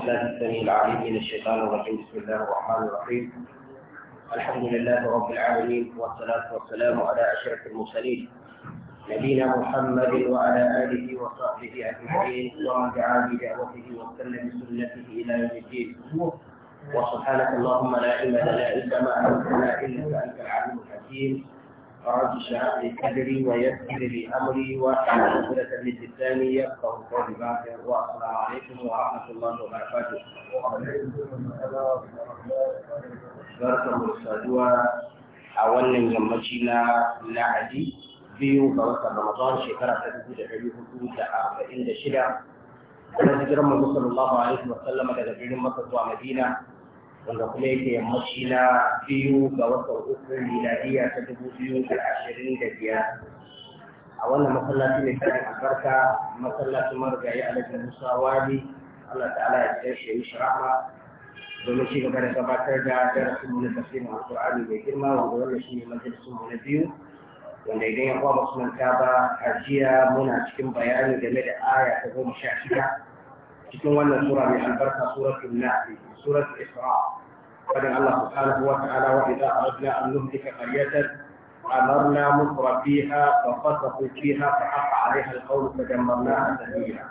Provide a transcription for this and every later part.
بالله السميع العليم من الشيطان الرجيم بسم الله الرحمن الرحيم الحمد لله رب العالمين والصلاة والسلام على أشرف المرسلين نبينا محمد وعلى آله وصحبه أجمعين ومن دعا بدعوته واستنى بسنته إلى يوم الدين وسبحانك اللهم لا علم لنا إلا ما علمتنا إنك أنت العليم الحكيم رب اشرح لي صدري ويسر لي امري واحلل عقدة من لساني يفقه قولي بعد والسلام عليكم ورحمه الله وبركاته. barkan mu saduwa a wannan yammaci na lahadi biyu ga watan ramadan shekara ta dubu da ɗari hudu da arba'in da shida na hijiran manzo sallallahu alaihi wa sallama daga birnin makka zuwa madina wanda kuma yake yammaci na biyu ga watan uku miladiya ta dubu biyu da ashirin da biyar a wannan masallaci ne tsarin albarka masallacin marigayi alhaji musa wali allah ta'ala ya tsaye shi mishi domin ci gaba da gabatar da darasin mu na tafsirin alkur'ani mai girma wanda wannan shi ne majalisun mu na biyu wanda idan ya kwa masu manta ba a jiya muna cikin bayani game da aya ta goma sha shida شنو وانا سورة يعني بركة سورة النحل سورة الإسراء قال الله سبحانه وتعالى وإذا أردنا أن نهلك قرية أمرنا مصر فيها ففسقوا فيها فحق عليها القول فدمرناها تدميرا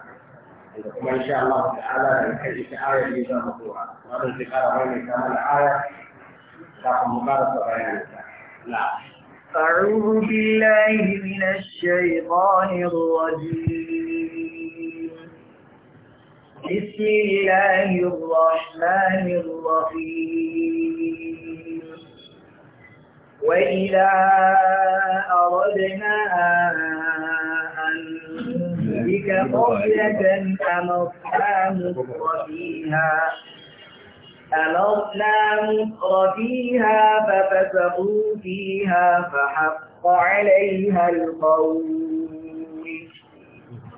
ثم إن شاء الله تعالى نحيي في آية إذا مطلوبة وهذا الذكر غير كامل آية رقم مقارنة غير لا أعوذ بالله من الشيطان الرجيم بسم الله الرحمن الرحيم وإذا أردنا أن نهلك قرية أمرنا مصر فيها أمرنا مكر فيها ففسقوا فيها فحق عليها القول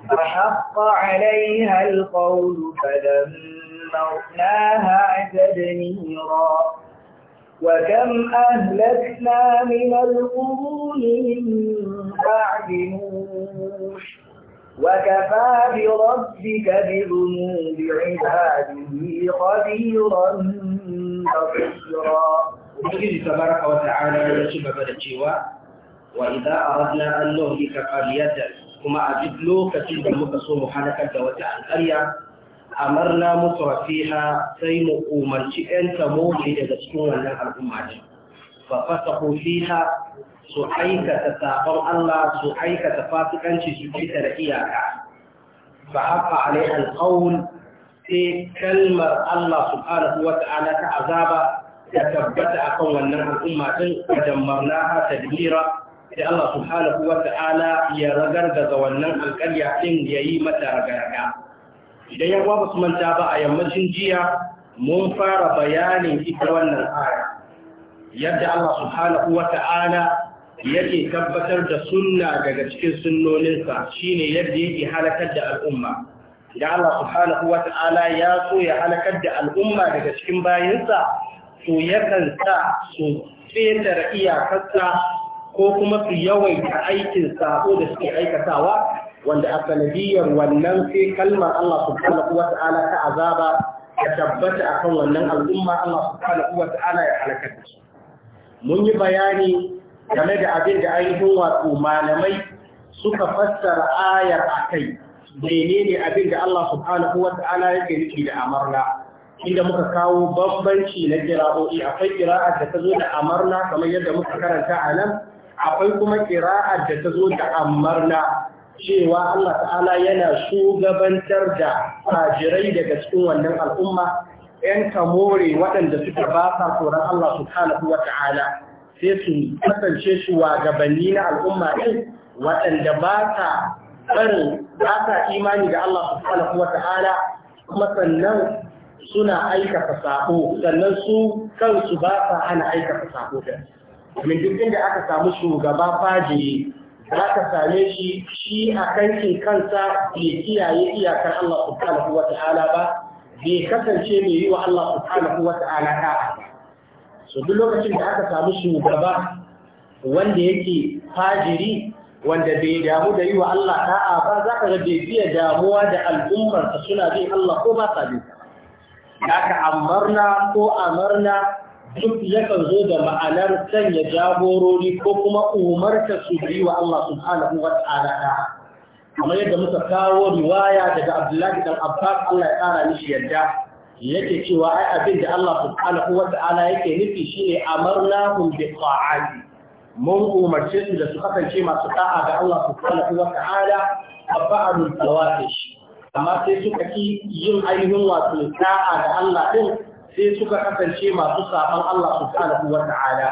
فحق عليها القول فدمرناها تدميرا وكم أهلكنا من القرون من بعد نوح وكفى بربك بذنوب عباده خبيرا بصيرا Ubangiji تبارك wa ta'ala ya بلا gaba da cewa wa idza aradna an kuma a duk lokacin da muka so mu halakar da wata alƙarya amarna mutu rafiha sai mu umarci ‘yan tamoki daga cikin wannan al'umma ce ba fasa fiha su aikata sabon Allah su aikata fasikanci su fita da iyaka ba haka alai alƙawun sai kalmar Allah subhanahu wa ta'ala ta azaba ya tabbata akan wannan al'umma din wajen marnaha tadbira Idan Allah subhanahu wa ta'ala ya ragar daga wannan alƙarya ɗin ya yi mata ragaraga. Idan yan ba su manta ba a yammacin jiya mun fara bayanin ita wannan aya. Yadda Allah subhanahu wa ta'ala yake tabbatar da sunna daga cikin sunnoninsa shine yadda yake halakar da al'umma. Idan Allah subhanahu wa ta'ala ya so ya halakar da al'umma daga cikin bayinsa, to yakan sa su fetar iyakarsa ko kuma su yawaita aikin sako da suke aikatawa wanda a sanadiyar wannan sai kalmar Allah subhanahu wa ta'ala ta azaba ta tabbata akan wannan al'umma Allah subhanahu wa ta'ala ya halakar da su mun yi bayani game da abin da ainihin wato malamai suka fassara ayar a kai menene abin da Allah subhanahu wa ta'ala yake nufi da amarna inda muka kawo bambanci na kira'o'i akwai kira'ar da ta zo da amarna kamar yadda muka karanta a nan akwai kuma kira'a da ta zo da amarna cewa Allah ta'ala yana shugabantar da fajirai daga cikin wannan al'umma ‘yan kamore waɗanda suka ba sa tsoron Allah subhanahu wa ta'ala sai su kasance shugabanni na al'umma ɗin waɗanda ba sa barin ba sa imani da Allah subhanahu wa ta'ala kuma sannan suna aikata sako sannan su kansu ba sa hana aikata sako domin duk inda aka samu shugaba fajiri za ka same shi shi a kankin kansa bai kiyaye iyakar Allah subhanahu wa ta'ala ba bai kasance mai yi wa Allah subhanahu wa ta'ala so duk lokacin da aka samu shugaba wanda yake fajiri wanda bai damu da yi wa Allah ta'a ba za ka ga bai fiye damuwa da al'ummarsa suna bin Allah ko ba sa bin ka. amarna ko amarna duk yakan zo da ma'anar sanya jagorori ko kuma umarta su yi wa Allah subhanahu wa ta'ala kamar yadda muka kawo riwaya daga Abdullahi dan Abbas Allah ya kara mishi yadda yake cewa ai abin da Allah subhanahu wa ta'ala yake nufi shine amarnahum bi ta'ati mun umarce su da su kasance masu ta'a ga Allah subhanahu wa ta'ala abba'ul tawafish amma sai suka ki yin ainihin wato ta'a ga Allah din sai suka kasance masu saban Allah subhanahu wa ta'ala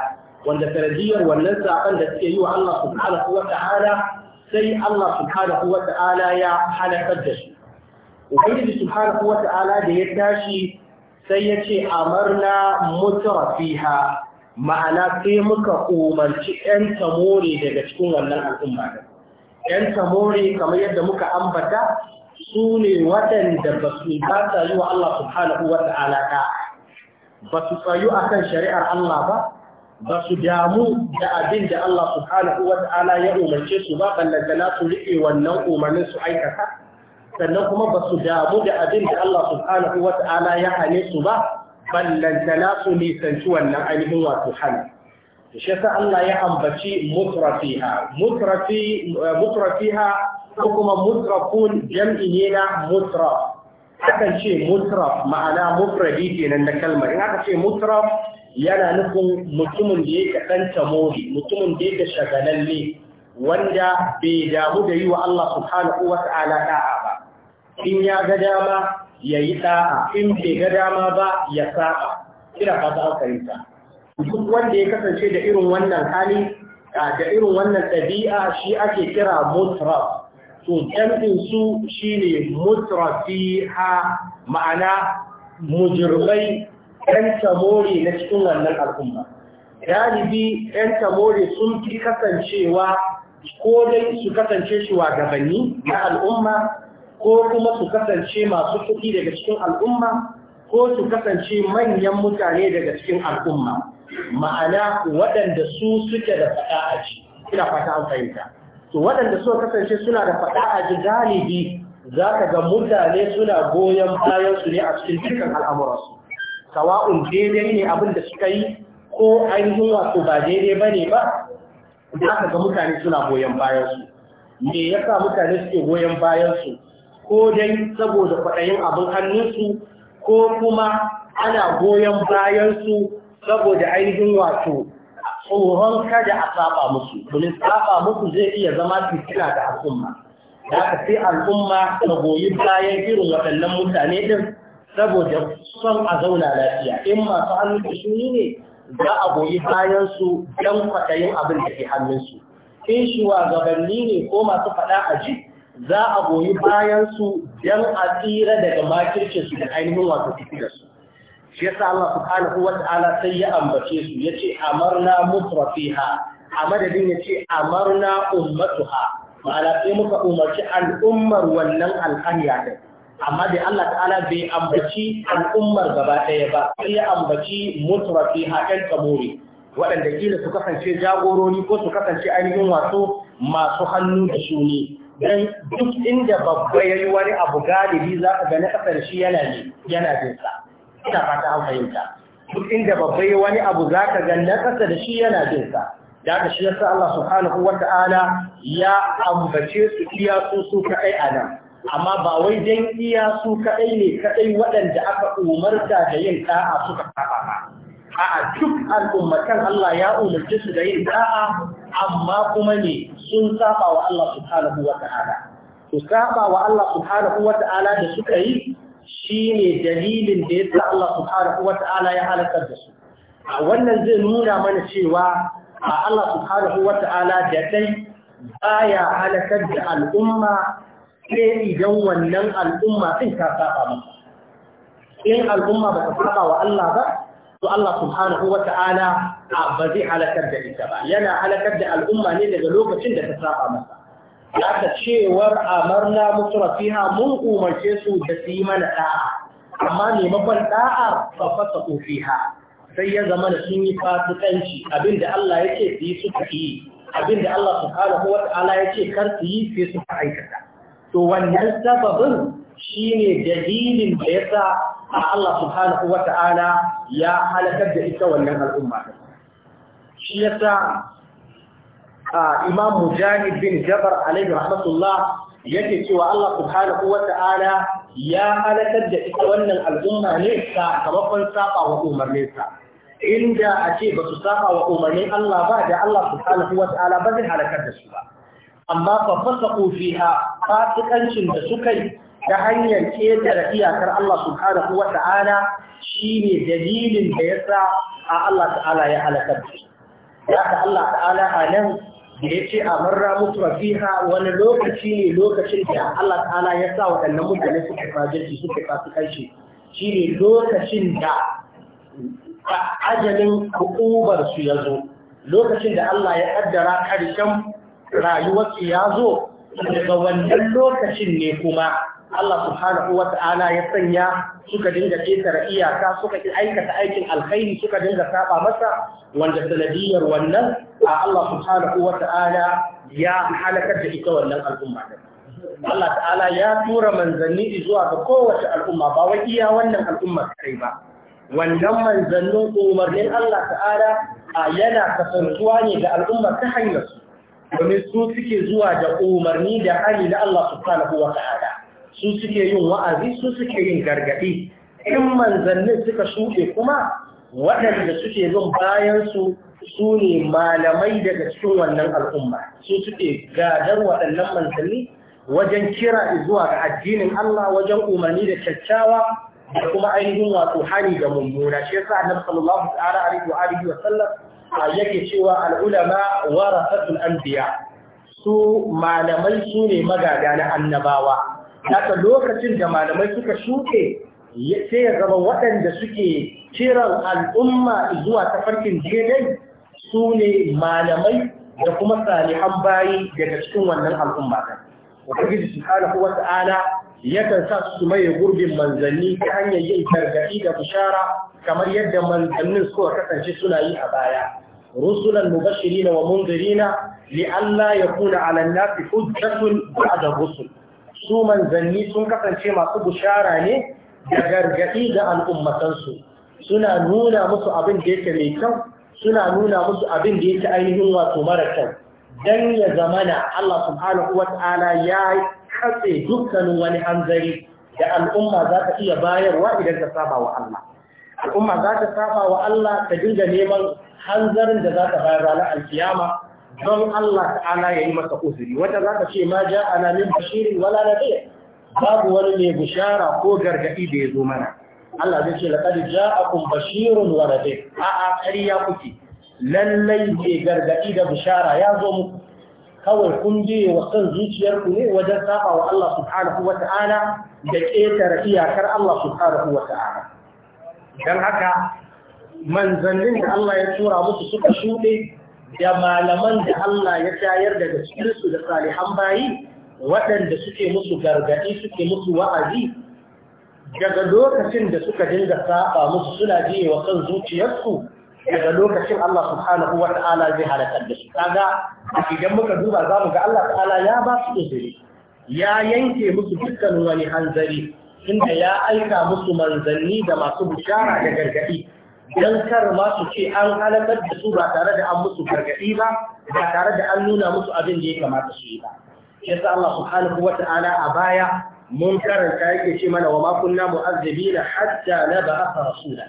wanda sanadiyar wannan saban da suke yi wa Allah subhanahu wa ta'ala sai Allah subhanahu wa ta'ala ya halakar da shi. ubangiji subhanahu wa ta'ala da ya tashi sai ya ce amarna mutura ma'ana sai muka umarci 'yan tamore daga cikin wannan al'umma da 'yan tamore kamar yadda muka ambata su ne waɗanda ba su ba ta yi wa Allah subhanahu wa ta'ala ba su tsayu akan shari'ar Allah ba ba su damu da abin da Allah subhanahu wa ta'ala ya umarce su ba ballantana su riƙe wannan umarnin su aikata sannan kuma ba su damu da abin da Allah subhanahu wa ta'ala ya hane su ba ballantana su nisanci wannan ainihin wato hali shi yasa Allah ya ambaci mutrafiha mutrafi eh, mutrafiha ko kuma mutrafun jam'i ne na mutraf akan ce mutraf ma'ana mufradi kenan na kalmar in aka ce mutraf yana nufin mutumin da yake dan tamori mutumin da yake shagalalle wanda bai damu da yi wa Allah subhanahu wa da'a ba in ya ga dama yayi da'a in bai ga dama ba ya sa'a kira fata alkarita duk wanda ya kasance da irin wannan hali da irin wannan ɗabi'a shi ake kira mutraf to jam'in su shine mutrafiha ma'ana mujirmai ɗan tamori na cikin wannan al'umma ɗalibi ɗan tamori sun fi kasancewa ko dai su kasance shugabanni na al'umma ko kuma su kasance masu kuɗi daga cikin al'umma ko su kasance manyan mutane daga cikin al'umma ma'ana waɗanda su suke da fata a ci ina fata an fahimta to waɗanda suka kasance suna da faɗa a ji galibi za ka ga mutane suna goyon bayansu ne a cikin cikin al'amuransu sawa'un daidai ne abin da suka yi ko ainihin wato ba daidai ba ne ba Za ka ga mutane suna goyon bayansu me ya sa mutane suke goyon bayansu ko dai saboda faɗayin abin hannunsu ko kuma ana goyon bayansu saboda ainihin wato tsohon kada a saba musu domin saba musu zai iya zama fitina da al'umma da aka sai al'umma ta goyi bayan irin waɗannan mutane ɗin saboda son a zauna lafiya in masu hannun da shuni ne za a goyi bayan su don kwaɗayin abin da ke hannunsu in gabanni ne ko masu faɗa a ji za a goyi bayansu su don a tsira daga makircin su da ainihin wato su shi yasa Allah subhanahu wa ta'ala sai ya ambace su yace amarna mutrafiha a madadin yace amarna ummatuha ma'ana sai muka umarci al'ummar wannan alƙarya din amma dai Allah ta'ala bai ambaci al'ummar gaba ɗaya ba sai ya ambaci mutrafiha ɗan kamori waɗanda kila su kasance jagorori ko su kasance ainihin wato masu hannu da shuni don duk inda babba ya yi wani abu galibi za ka ga na ƙasar shi yana ne yana jinsa ina fata an fahimta duk inda babbai wani abu za ka ga na ƙasa da shi yana jin sa da aka shi yasa Allah subhanahu wa ta'ala ya ambace su iya su su kaɗai a nan amma ba wai dan iya su kaɗai ne kaɗai waɗanda aka umarta da yin ɗa'a suka kafa ba a'a duk al'ummatan Allah ya umarci su da yin ɗa'a amma kuma ne sun saba wa Allah subhanahu wa ta'ala su saba wa Allah subhanahu wa ta'ala da suka yi shine dalilin da yasa Allah subhanahu wata'ala ya halakar da su wannan zai nuna mana cewa Allah subhanahu wata'ala da dai baya halakar da al'umma sai idan wannan al'umma din ta saba masa in al'umma ba ta saba wa Allah ba to Allah subhanahu wata'ala ba zai halakar da ita ba yana halakar da al'umma ne daga lokacin da ta saba masa aka cewar amarna mutura fiha mun umarce su da su yi mana ɗa'a, amma maimakon ɗa'a ba fasa fiha sai ya zama da sun yi fasikanci abinda Allah ya ce su yi suka yi abinda Allah subhanahu wa ta'ala ya ce kar su yi sai suka aikata to wannan sababin shine dalilin da yasa Allah subhanahu wa ta'ala ya halakar da ita wannan al'umma shi yasa imam mujahid bin jabar alaihi rahmatullah yake cewa Allah subhanahu wa ya halakar da ita wannan al'umma ne sakamakon saba wa umarninsa inda a ce ba su saba wa umarni Allah ba da Allah subhanahu wa ba zai halakar da su ba amma fa fasaqu fiha fasikancin da suka yi ta hanyar ketare iyakar Allah subhanahu wa shine dalilin da yasa a Allah ta'ala ya halakar da su ya Allah ta'ala a nan da ya ce a marra mutu fiha wani lokaci ne lokacin da Allah ta'ala ya sa waɗannan mutane suka fajirci suka fasu kanshi shi ne lokacin da ajalin hukumar su ya zo lokacin da Allah ya ƙaddara ƙarshen rayuwarsu ya zo daga wannan lokacin ne kuma Allah subhanahu wa ta'ala ya sanya suka dinga ƙetare iyaka suka aikata aikin alkhairi suka dinga saba masa wanda sanadiyar wannan a Allah subhanahu wa ta'ala ya halakar da ita wannan al'umma Allah ta'ala ya tura manzanni zuwa ga kowace al'umma ba wai iya wannan al'umma kai ba wannan manzannin umarnin Allah ta'ala a yana kasantuwa ne ga al'umma ta hanyar su domin su suke zuwa da umarni da hali na Allah subhanahu wa ta'ala su suke yin wa'azi su suke yin gargaɗi in manzannin suka shuɗe kuma waɗanda suke yin bayansu su ne malamai daga cikin wannan al'umma su suke gadar waɗannan manzanni wajen kira zuwa ga addinin Allah wajen umarni da kyakkyawa da kuma ainihin wato hani da mummuna shi yasa annabi sallallahu alaihi wa alihi wa sallam yake cewa al'ulama warasatul anbiya su malamai su ne magada na annabawa haka lokacin da malamai suka shuke sai ya zama waɗanda suke kiran al'umma zuwa tafarkin daidai su ne malamai da kuma salihan bayi daga cikin wannan al'umma ɗin. Ubangiji subhanahu wa ta'ala yakan sa su maye gurbin manzanni ta hanyar yin gargaɗi da bishara kamar yadda manzannin suka kasance suna yi a baya. Rusulan mubashirina wa munzirina li'alla Allah ya kuna ala nasi hujjatun ba'da rusul. su manzanni sun kasance masu bushara ne da gargaɗi ga al'ummatansu suna nuna musu abin da yake mai kyau suna nuna musu abin da yake ainihin wato mara kyau dan ya zamana Allah subhanahu Ta'ala ya katse dukkanin wani hanzari da al'umma za ta iya bayarwa idan ta saba wa Allah al'umma za ta saba wa Allah ta dinga neman hanzarin da za ta bayar ranar alkiyama don Allah ta'ala ya yi masa uzuri wata za ka ce ma ja ana min bashirin wala nadir babu wani mai bishara ko gargadi da ya zo mana Allah zai ce laqad ja'akum bashirun wa nadir a a ƙarya kuke lallai mai gargadi da bishara ya zo muku kawai kun je wa kan zuciyarku ne wajen saba wa Allah subhanahu wa ta'ala da ƙetare iyakar Allah subhanahu wa ta'ala dan haka manzannin da Allah ya tura musu suka shuɗe da malaman da Allah ya tayar daga cikinsu da salihan bayi waɗanda suke musu gargaɗi suke musu wa'azi daga lokacin da suka dinga saba musu suna jiye wa kan zuciyarsu daga lokacin Allah subhanahu wa ta'ala zai halakar da su kaga idan muka duba za mu ga Allah ta'ala ya ba su uzuri ya yanke musu dukkan wani hanzari inda ya aika musu manzanni da masu bishara da gargaɗi don kar ma su ce an halakar da su ba tare da an musu gargaɗi ba ba tare da an nuna musu abin da ya kamata su yi ba yasa Allah subhanahu wa a baya mun karanta yake ce mana wa ma kunna mu'azzibina hatta na ba'atha rasula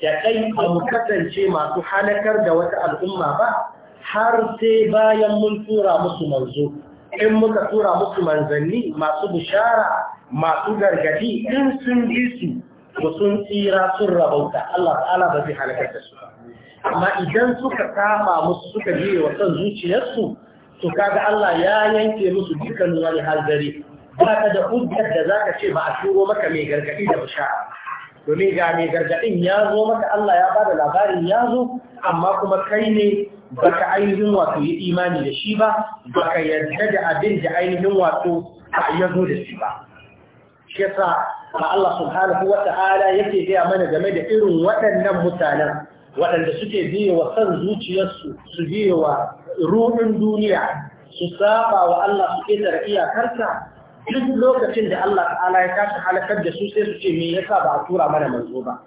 da kai ba mu kasance masu halakar da wata al'umma ba har sai bayan mun tura musu manzo in muka tura musu manzanni masu bishara masu gargadi in sun bi su to sun tsira sun rabauta Allah ta'ala ba zai halakar da su amma idan suka kama musu suka biye wa son zuciyarsu to kaga Allah ya yanke musu dukkan wani hanzari ba ka da hujjar da za ka ce ba a turo maka mai gargaɗi da bishara domin ga mai gargaɗin ya zo maka Allah ya bada labarin ya zo amma kuma kai ne baka ainihin wato yi imani da shi ba baka yarda da abin da ainihin wato ya zo da shi ba shi yasa Allah subhanahu wata'ala yake gaya mana game da irin waɗannan mutanen waɗanda suke biye wa san zuciyarsu su biye wa ruɗin duniya su saba wa Allah su ƙetare iyakarsa duk lokacin da Allah ta'ala ya tashi halakar da su sai su ce me yasa ba a tura mana manzo ba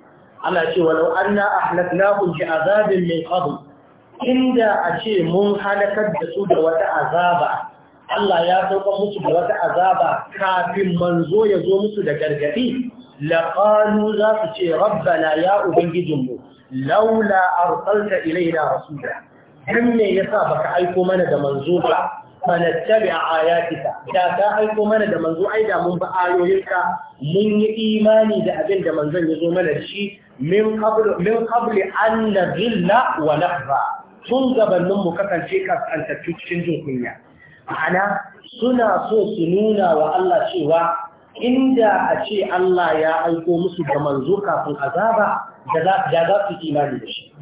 Ana ce walau anna ahlaknahum bi azabin min qabl inda a ce mun halakar da su da wata azaba Allah ya sauka musu da wata azaba kafin manzo ya zo musu da gargaɗi laƙalu za su ce rabbana ya ubangijinmu laula arsalta ilaina rasula dan me yasa baka aiko mana da manzo ba fanattabi ayatika da ka aiko mana da manzo ai da mun ba ayoyinka mun yi imani da abin da manzon ya zo mana da shi min qabl min wa nahra tun gabanin mu kasance kasantattu cikin jin kunya ma'ana suna so su nuna wa Allah cewa inda a ce Allah ya aiko musu da manzo kafin azaba da za su imani da shi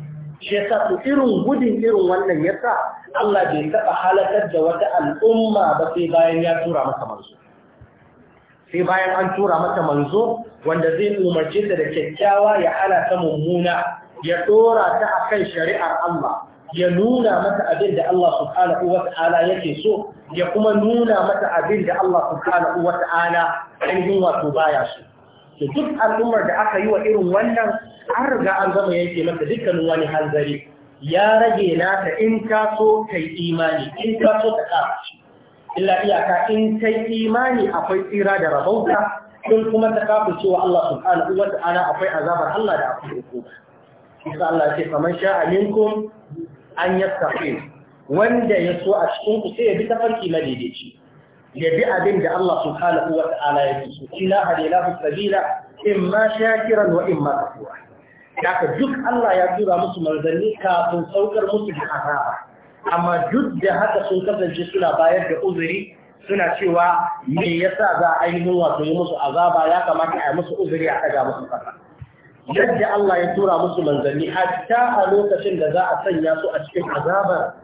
shi yasa su irin gudun irin wannan yasa Allah bai taɓa halakar da wata al'umma ba sai bayan ya tura masa manzo sai bayan an tura mata manzo wanda zai umarci ta da kyakkyawa ya hana ta mummuna ya dora ta akan shari'ar Allah ya nuna mata abin da Allah subhanahu wa yake so ya kuma nuna mata abin da Allah subhanahu wa ta'ala ainihin wato baya so to duk al'ummar da aka yi wa irin wannan an riga an zama yanke mata dukkanin wani hanzari ya rage nata in ka so kai imani in ka so ta kafaci illa iyaka in kai imani akwai tsira da rabauta in kuma ta kafaci wa Allah subhanahu wa akwai azabar Allah da akwai hukuma. Isa Allah ce, "Faman sha'a minkum an yastafi wanda ya so a cikin ku sai ya bi tafarki daidaici ya bi abin da Allah subhanahu wa ala ya ce su ila hadilahu sabila imma shakiran wa imma kafura haka duk Allah ya tura musu manzanni kafin saukar musu da azaba amma duk da haka sun kasance suna bayar da uzuri suna cewa me yasa za a ainihin wato yi musu azaba ya kamata a yi musu uzuri a daga musu kasa. yadda Allah ya tura musu manzanni hatta a lokacin da za a sanya su a cikin azabar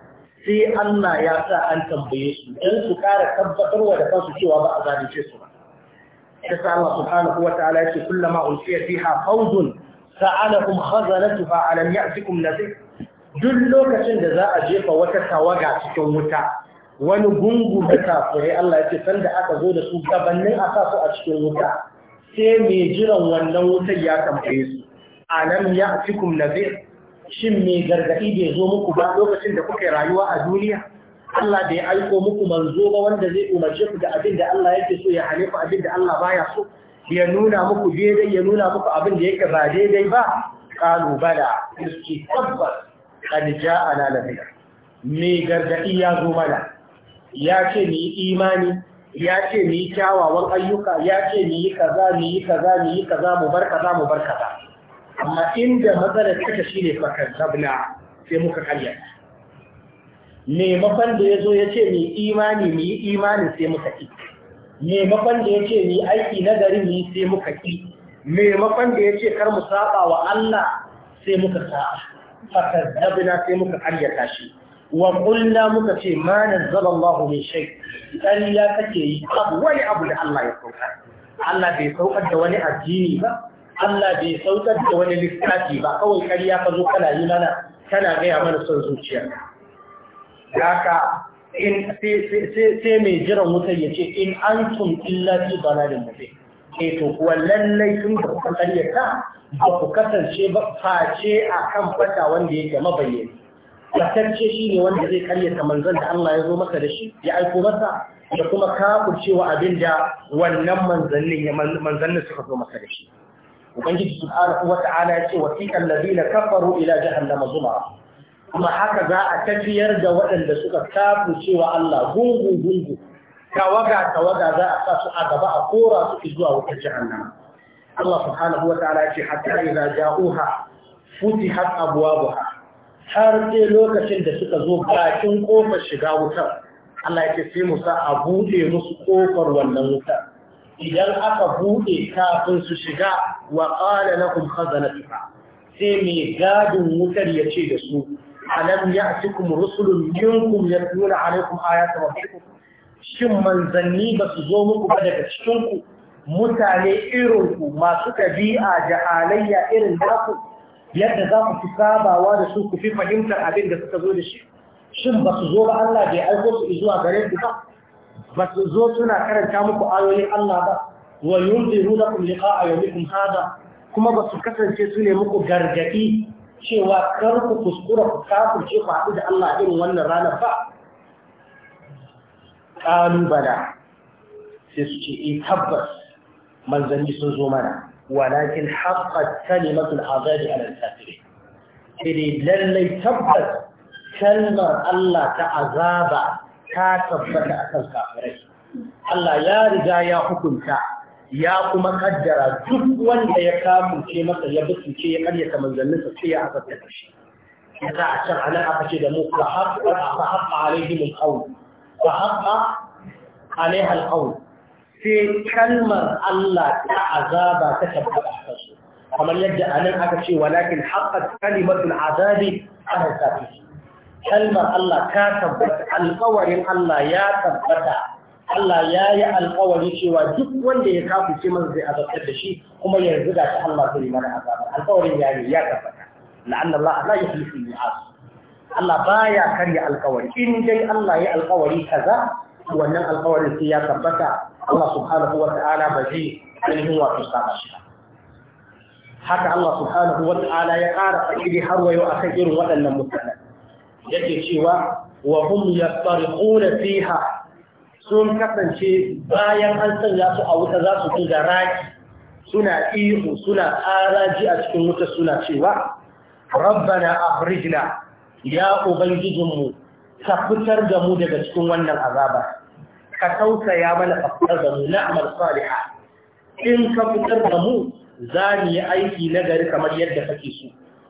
sai Allah ya sa an tambaye su in su ƙara tabbatarwa da kansu cewa ba a zalunce su ba. Yasa Allah subhanahu wa ta'ala yake kullama ulfiya fiha fawzun sa'alakum khazanatuha alam ya'tikum nadhir duk lokacin da za a jefa wata tawaga cikin wuta wani gungu da kafirai Allah ya ce sanda aka zo da su gabanin a sa su a cikin wuta sai mai jiran wannan wutar ya tambaye su alam ya fikum nazir shin mai gargadi bai zo muku ba lokacin da kuke rayuwa a duniya Allah ya aiko muku manzo ba wanda zai umarce ku da abin da Allah yake so ya halifa abin da Allah baya so ya nuna muku daidai ya nuna muku abin da yake ba daidai ba kalu bala iski tabbas ja ala nabiy mai gargadi ya zo mana ya ce ni imani ya ce mu yi kyawawan ayyuka ya ce mu yi kaza mu yi kaza mu yi kaza mu bar kaza mu bar kaza amma inda matsalar take shine fakar tabla sai muka karya mafan da ya zo ya ce mu yi imani mu yi imani sai muka ki mafan da ya ce mu yi aiki na gari mu sai muka ki mafan da ya ce kar mu saba wa Allah sai muka sa'a fakar tabla sai muka karya shi wa ƙulla muka ce ma na zaba Allah shai ɗan ya kake yi abu wani abu da Allah ya sauka. Allah bai saukar da wani addini ba Allah bai saukar da wani lissafi ba kawai ƙarya ka kana yi mana tana gaya mana son zuciya Ya ka in sai mai jiran wutar ya ce in an tun illa fi banalin mutum ke eh, to kuwa lallai sun da kuka ƙaryata ba ku kasance ba face a kan fata wanda yake mabayyana latacce shi ne wanda zai karyata manzan da Allah ya zo maka da shi ya aiko masa da kuma kafurcewa abin da wannan manzannin ya manzannin suka zo maka da shi ubangiji subhanahu wata'ala ya ce wasiqal ladina kafaru ila jahannama zumara kuma haka za a tafiyar da waɗanda suka cewa Allah gungu gungu tawaga tawaga za a sa su a gaba a kora su zuwa wutar jahannama Allah subhanahu wata'ala ya ce hatta idza ja'uha futihat abwabuha har sai lokacin da suka zo bakin kofar shiga wutar Allah ya ce sai mu a buɗe musu kofar wannan wutar idan aka buɗe kafin su shiga wa qala lahum khazanatuha sai mai gadin wutar ya ce da su alam ya'tikum rusulun minkum yatluna alaykum ayati rabbikum shin manzanni ba su zo muku ba daga cikinku mutane irinku masu tabi'a da halayya irin ku? yadda za ku fi sabawa da su ku fi fahimtar abin da suka zo da shi shin ba su zo ba Allah bai aiko su zuwa gare ku ba ba su zo suna karanta muku ayoyin Allah ba wa yunziru lakum liqa'a yawmikum hada kuma ba su kasance su ne muku gargadi cewa kar ku kuskura ku kafirce ku haɗu da Allah irin wannan ranar ba ƙalubala sai su ce eh, tabbas manzanni sun zo mana walakin haqqat kalimatul azabi ala al-kafirin sai dai lallai tabbas kalmar Allah ta azaba ta tabbata akan kafirai Allah ya riga ya hukunta ya kuma kaddara duk wanda ya kamuce masa ya bincike ya karyata manzanninsa sai ya azabta shi za a can anan aka ce da mu fa haqqa sai kalmar Allah ta azaba ta tabbata a kansu kamar yadda a nan aka ce walakin haqqat kalimatul azabi ala kafiri kalmar Allah ta tabbata alƙawarin Allah ya tabbata Allah ya yi alƙawari cewa duk wanda ya kafu ce masa zai azabtar da shi kuma yanzu ga ta Allah zai mana azaba alƙawarin ya yi ya tabbata la'anna Allah la yuhlifu al-mi'ad Allah baya karya alƙawari in dai Allah ya alƙawari kaza wannan alƙawarin sai ya tabbata Allah subhanahu wa ta'ala ba zai wato saba shi haka Allah subhanahu wa ta'ala ya ƙara fakiri har wayo kan irin waɗannan mutane yake cewa wa hum yastariquna fiha sun kasance bayan an sanya su a wuta za su tuga raki suna ihu suna ƙaraji a cikin wuta suna cewa rabbana ahrijna ya ubangijinmu ka fitar da mu daga cikin wannan azaba ka tausaya mana kafar da mu na amal in ka fitar da mu za mu yi aiki na gari kamar yadda kake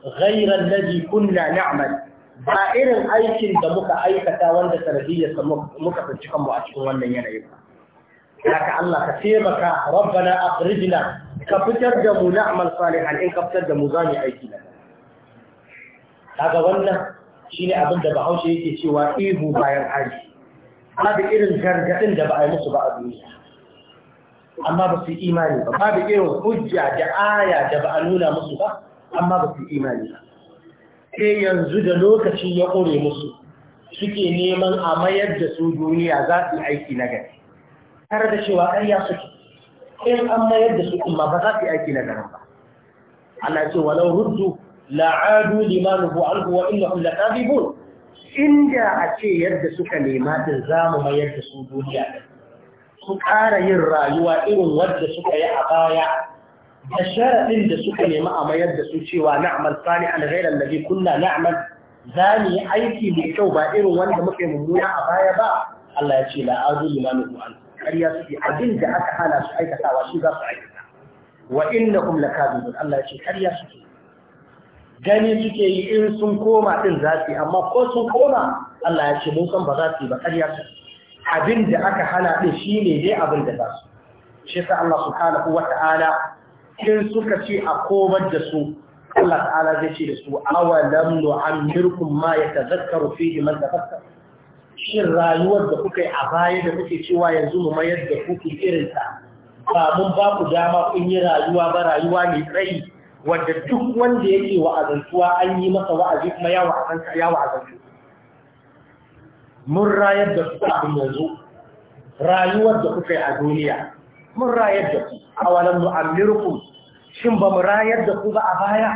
so ghayra alladhi kunna na'mal ba irin aikin da muka aikata wanda sanadiyyar muka tsinci kanmu a cikin wannan yanayin ka Allah ka taimaka rabbana akhrijna ka fitar da mu na'mal salihan in ka fitar da mu za mu aiki na kaga wannan shine abin da Bahaushe yake cewa ihu bayan aji babu irin gargaɗin da ba a yi musu ba a duniya amma ba su imani ba babu irin hujja da aya da ba a nuna musu ba amma ba su imani ba sai yanzu da lokaci ya ƙure musu suke neman a mayar da su duniya za su yi aiki na gari tare da cewa ya suke in an mayar da su kuma ba za su yi aiki na gari ba Allah ce walau ruddu la'adu limanuhu alhu wa kullu lakadibun inda a ce yadda suka nema din zamu mayar da su duniya su ƙara yin rayuwa irin wadda suka yi a baya da sharaɗin da suka nema a mayar da su cewa na'amal sani an ghairar kunna na'amal za mu yi aiki mai kyau ba irin wanda muka yi mummuna a baya ba Allah ya ce la'azu limanin mu'an ƙarya suke abin da aka hana su aikatawa shi za su aikata wa innahum lakazibun Allah ya ce su suke gani suke yi in sun koma ɗin za su yi amma ko sun koma Allah ya ce mun san ba za su yi ba ƙarya su abin da aka hana ɗin shi ne dai abin da za su shi sa Allah kana wa ta'ala in suka ce a komar da su Allah ta'ala zai ce da su awalam nu'ammirkum ma yatazakkaru fihi man shin rayuwar da kuka yi a baya da kuke cewa yanzu mu mayar da kuke irinta ba mun ba ku dama kun yi rayuwa ba rayuwa mai tsayi wanda duk wanda yake wa'azantuwa an yi masa wa'azi kuma ya wa'azanta wa'azantu mun rayar da su abin yanzu rayuwar da kuka yi a duniya mun rayar da ku a walan mu’amirku, shin ba mu rayar da ku ba a baya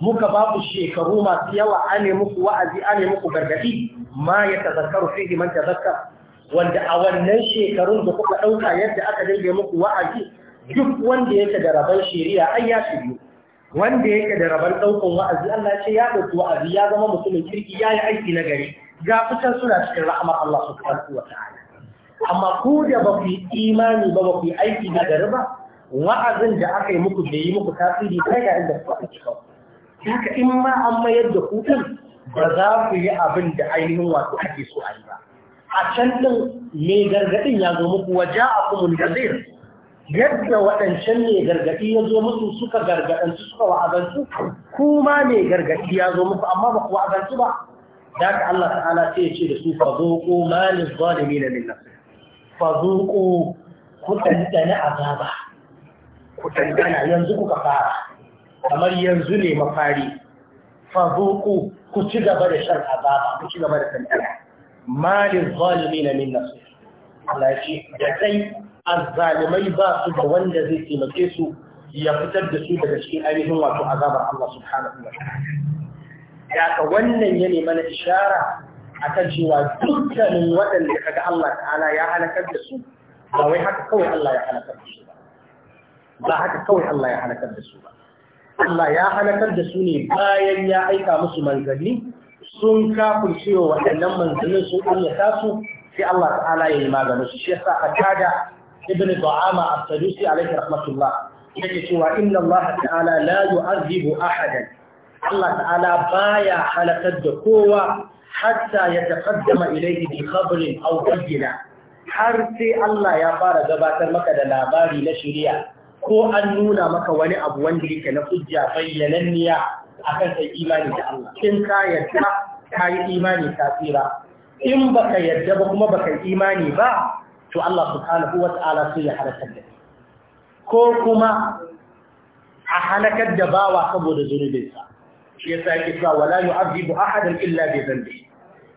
muka ba ku shekaru masu yawa ane muku wa'azi ane muku gargadi ma ya tazakkaru fihi man tazakkar wanda a wannan shekarun da kuka ɗauka yadda aka dinga muku wa'azi duk wanda yake da rabon shari'a ai ya shiryu wanda yake da rabar ɗaukan wa'azi Allah ce ya ɗauki wa'azi ya zama mutumin kirki ya yi aiki na gari ga suna cikin rahmar Allah subhanahu wa ta'ala amma ku da ba ku yi imani ba ba ku yi aiki na gari ba wa'azin da aka yi muku bai yi muku tasiri kai ga inda ku aka cika haka in ma an mayar da ku ba za ku yi abin da ainihin wato ake so a yi ba a can din mai gargadin ya zo muku waje a kumun gazir yadda waɗancan mai gargaɗi ya zo musu suka gargaɗansu suka wa'azantu kuma mai gargaɗi ya zo muku amma ba ku wa'azantu ba da ka Allah ta'ala sai ya ce da su fa zuqu ma lizzalimin na nasir fa zuqu ku ɗanɗana azaba ku ɗanɗana yanzu kuka fara kamar yanzu ne mafari fa zuqu ku ci gaba da shan azaba ku ci gaba da tantana ma lizzalimin min nasir Allah ya ce da sai azzalimai ba su da wanda zai taimake su ya fitar da su daga cikin ainihin wato azabar Allah subhanahu wa ta'ala. wannan ya ne mana ishara akan cewa dukkanin waɗanda kaga Allah ta'ala ya halakar da su ba wai haka kawai Allah ya halakar da su ba. Ba haka kawai Allah ya halakar da su ba. Allah ya halakar da su ne bayan ya aika musu manzanni sun kafin cewa waɗannan manzannin sun ƙunyata su sai Allah ta'ala ya yi maganin su shi yasa a tada ibn Du'ama as-Sadusi alayhi rahmatullah yake cewa inna Allah ta'ala la yu'adhibu ahadan Allah ta'ala baya halakar da kowa hatta ya taqaddama ilayhi bi khabrin aw bayyina har sai Allah ya fara gabatar maka da labari na shari'a ko an nuna maka wani abu wanda yake na hujja bayyananniya akan kai imani da Allah in ka yarda ka yi imani tasira in baka yarda ba kuma baka imani ba to Allah subhanahu wa sai ya halakar da ko kuma a halakar da bawa saboda zunubinsa shi yasa yake cewa wala yu'adhibu ahadan illa bi dhanbi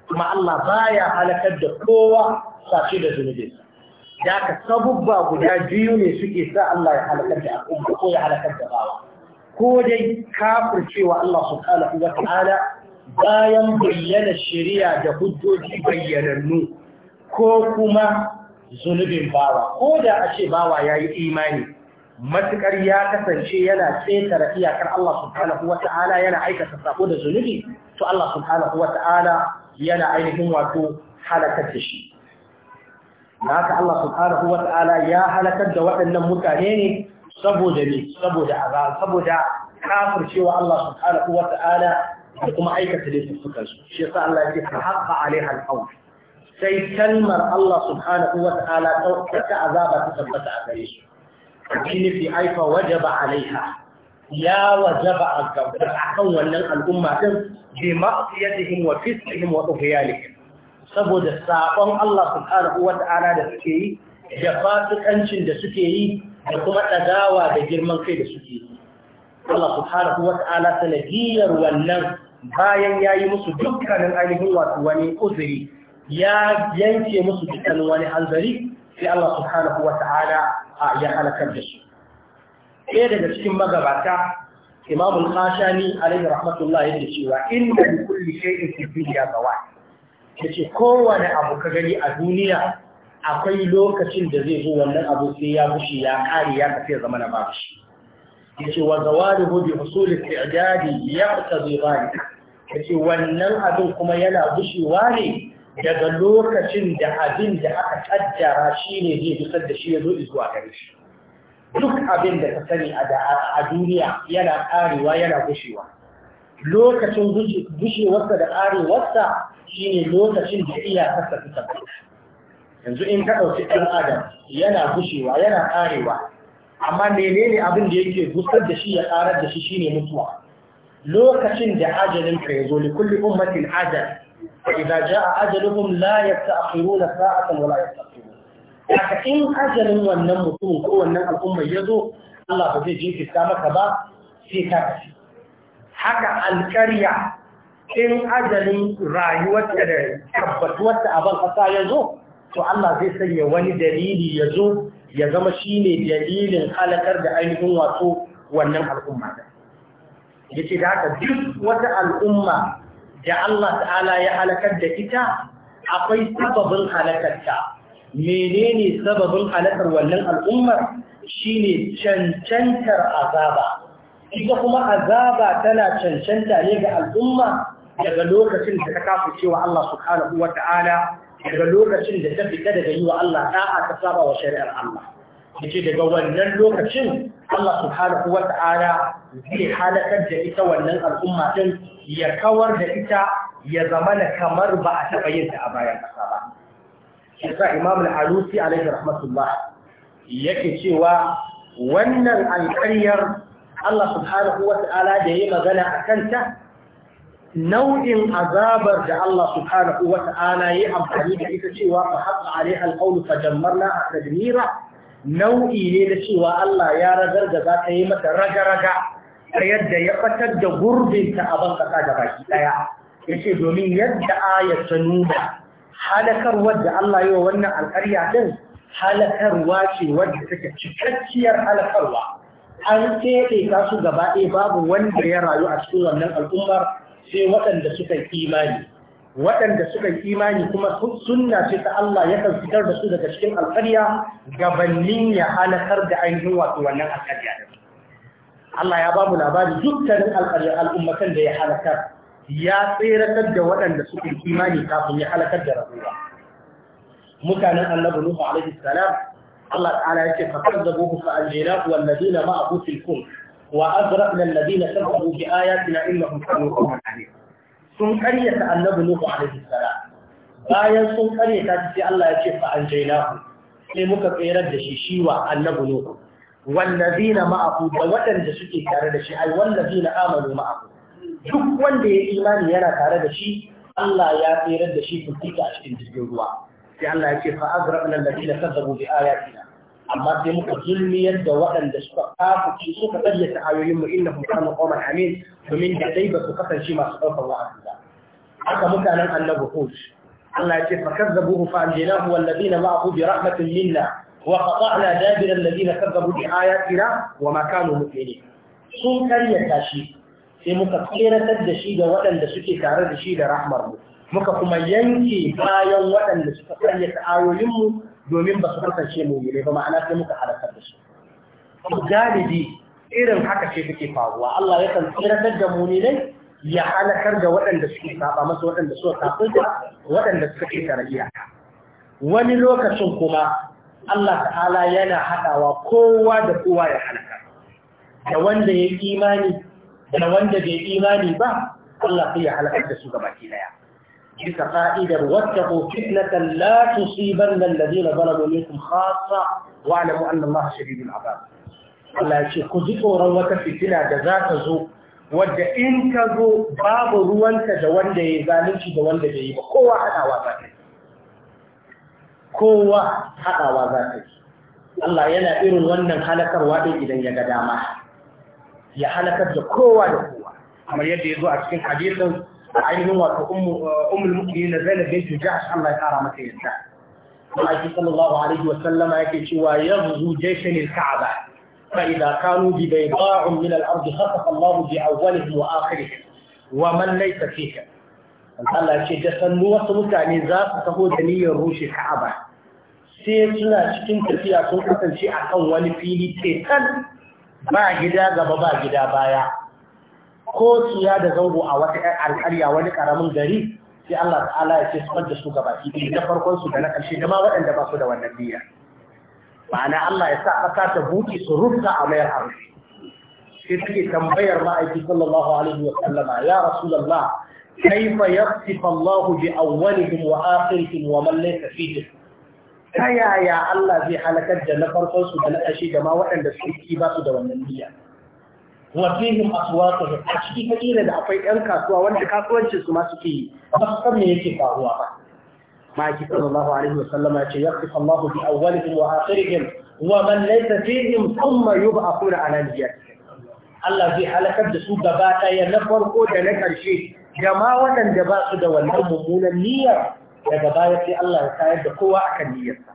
kuma Allah baya halakar da kowa sace da zunubinsa da ka sabubba guda biyu ne suke sa Allah ya halakar da al'umma ko ya halakar da bawa ko dai kafircewa Allah subhanahu wata'ala bayan bayyana shari'a da hujjoji bayyanannu ko kuma zunubin bawa ko da a ce bawa ya yi imani matuƙar ya kasance yana tsetara iyakar Allah subhanahu wa ta'ala yana aikata sako da zunubi to Allah subhanahu wa ta'ala yana ainihin wato halakar da shi da haka Allah subhanahu wa ta'ala ya halakar da waɗannan mutane ne saboda ne saboda azab saboda kafircewa Allah subhanahu wa ta'ala da kuma aikata laifukan su shi yasa Allah ya ce haqqa alaiha al-qawm sai kalmar Allah subhanahu wa ta'ala ta azaba ta tabbata a gare su shine fi aifa wajaba alaiha ya wajaba a a kan wannan al'umma din bi ma'siyatihim wa fisqihim wa tughyanihim saboda saƙon Allah subhanahu wa ta'ala da suke yi da fasikancin da suke yi da kuma ɗagawa da girman kai da suke yi. Allah subhanahu wa ta'ala sanadiyar wannan bayan ya yi musu dukkanin ainihin wasu wani uzuri ya yanke musu dukkan wani hanzari sai Allah subhanahu wa ta'ala ya halakar da su ɗaya daga cikin magabata imam al-khashani Alayhi rahmatullah yake cewa inna li kulli shay'in fi dunya zawai yace kowane abu ka gani a duniya akwai lokacin da zai zo wannan abu sai ya bushe ya kare ya kafe zama na babu shi yace wa zawaluhu bi husul al-i'dadi yaqtadi dhalika yace wannan abin kuma yana bushewa ne daga lokacin da abin da aka kaddara shi ne zai fitar da shi ya zo zuwa gare shi duk abin da ka sani a duniya yana karewa yana gushewa lokacin gushewarsa da karewarsa shi ne lokacin da iyakarsa ta tabbata yanzu in ka ɗauki ɗan adam yana gushewa yana karewa amma menene abin da yake gusar da shi ya karar da shi shine mutuwa lokacin da ajalin ka ya zo li kulli ummatin ajal فإذا جاء أجلهم لا يتأخرون ساعة ولا يستأخرون haka in ajalin wannan mutum ko wannan al'umma ya zo Allah ba zai jinkirta maka ba sai ka kashi haka alƙarya in ajalin rayuwarta da tabbatuwarta a ban ƙasa ya zo to Allah zai sanya wani dalili ya zo ya zama shine dalilin halakar da ainihin wato wannan al'umma da yace da haka duk wata al'umma da Allah ta'ala ya halakar da ita akwai sababin halakarta menene sababin halakar wannan al'ummar shine cancantar azaba ita kuma azaba tana cancanta ne ga al'umma daga lokacin da ta kafa cewa Allah subhanahu wata'ala daga lokacin da ta fita daga yi wa Allah da'a ta saba wa shari'ar Allah yace daga wannan lokacin Allah subhanahu wa ta'ala zai halakar da ita wannan al'umma din ya kawar da ita ya zamana kamar ba a taɓa yin ta a bayan ƙasa ba. Shekara Imam Al-Alusi alaihi rahmatullah yake cewa wannan alƙaryar Allah subhanahu wa ta'ala da yi magana a kanta nau'in azabar da Allah subhanahu wa ta'ala yi amfani da ita cewa ba haƙa alaiha alƙawlu fa jammarna a tadmira nau'i ne da cewa Allah ya za ta yi mata raga-raga ta yadda ya fatar da gurbinta a ban kasa da baki ɗaya ya ce domin yadda ayar ta nuna halakarwar da Allah yi wa wannan alƙarya ɗin halakarwa ce wadda take cikakkiyar halakarwa an keɓe ta su gaba ɗaya babu wanda ya rayu a cikin wannan al'ummar sai waɗanda suka yi imani waɗanda suka yi imani kuma sunna ce ta Allah yakan fitar da su daga cikin alƙarya gabanin ya halakar da ainihin wato wannan alƙarya da Allah ya ba mu labari dukkanin al'ummatan da ya halakar ya tseratar da waɗanda suka yi imani kafin ya halakar da rabuwa mutanen annabi Nuhu alaihi salam Allah ta'ala ya ce fa kadzabuhu fa anjaynahu wal ladina ma'ahu fil kulk wa azraqna alladhina kafaru bi ayatina innahum kanu qawman 'adil sun karyata annabi Nuhu alaihi salam bayan sun karyata sai Allah ya ce fa anjaynahu sai muka tsayar da shi shiwa annabi Nuhu wallazina ma'ahu da waɗanda suke tare da shi ai wallazina amanu ma'ahu duk wanda ya imani yana tare da shi Allah ya tsayar da shi fitika a cikin jirgin ruwa sai Allah ya ce fa azra'na allazina kazzabu bi ayatina amma sai muka zulmiyar da waɗanda suka kafuci suka karyata ayoyinmu inna hum kanu qawman amin domin da dai ba su kasance masu ɗaukar wa'azi ba haka mutanen annabi hud Allah ya ce fa kazzabuhu fa anjaynahu wal ladina ma'ahu bi rahmatin minna wa qata'na dabira alladina kazzabu bi ayatina wa ma kanu mu'minin sun karyata shi sai muka tseratar da shi ga waɗanda suke tare da shi da rahmar mu muka kuma yanke bayan waɗanda suka karyata ayoyinmu domin ba su kasance mummune ba ma'ana sai muka halakar da su galibi irin haka ce take faruwa Allah ya yakan tsiratar da muminai ya halakar da waɗanda suke saba masa waɗanda suka kafirta waɗanda suka ke tarayya wani lokacin kuma Allah ta'ala yana haɗawa kowa da kowa ya halaka da wanda ya imani da wanda bai imani ba Allah sai ya halakar da su gabaki daya bisa ka'idar wattaqu fitnatan la tusibanna alladhina zalamu minkum khassa wa alamu anna Allah shadidul azab Allah ya ce ku ji tsoron wata fitila da za ta zo wadda in ka zo babu ruwanta da wanda ya zalunci da wanda bai yi ba kowa haɗawa za ta yi kowa haɗawa za ta yi Allah yana irin wannan halakarwa ɗin idan ya ga dama ya halakar da kowa da kowa yadda ya zo a cikin hadisin ainihin wato eh, ummul mu'minin Zainab bint Jahsh Allah ya kara mata yadda Allah sallallahu alaihi wa sallama yake cewa yaghzu jayshin al-Ka'ba fa idza kanu bi bayda'in min al-ard khasafa Allah bi awwalihim wa akhirihim wa man laysa fiha Allah ya ce da sannu wasu mutane za su taho da niyyar rushe Ka'aba suna cikin tafiya sun kasance akan wani fili tetan ba gida gaba ba gida baya ko ciya da zango a wata ƴar alƙarya wani ƙaramin gari sai Allah ta'ala ya ce su da su gaba ki da farkon su da na ƙarshe da ma waɗanda ba su da wannan niyya ma'ana Allah ya sa ƙasa ta buki su rufta a mayar harshe sai take tambayar ma'aiki sallallahu alaihi wa sallama ya rasulullah kaifa yaqtifa Allah bi awwalihim wa akhirihim wa man laysa fihi ta yaya Allah zai halakar da na farkon su da na ƙarshe da ma waɗanda su ba su da wannan niyya wasihim aswatuhum a ciki fakila da akwai ɗan kasuwa wanda kasuwanci su ma suke yi ba su san me yake faruwa ba maki sallallahu alaihi wa sallam ya ce yaqif Allahu bi awwalihim wa akhirihim wa man laysa fihim thumma yub'athuna ala niyyatihim Allah zai halakar da su gaba ɗaya na farko da na ƙarshe da ma waɗanda ba su da wannan mummunan niyyar daga baya sai Allah ya tayar da kowa akan niyyarsa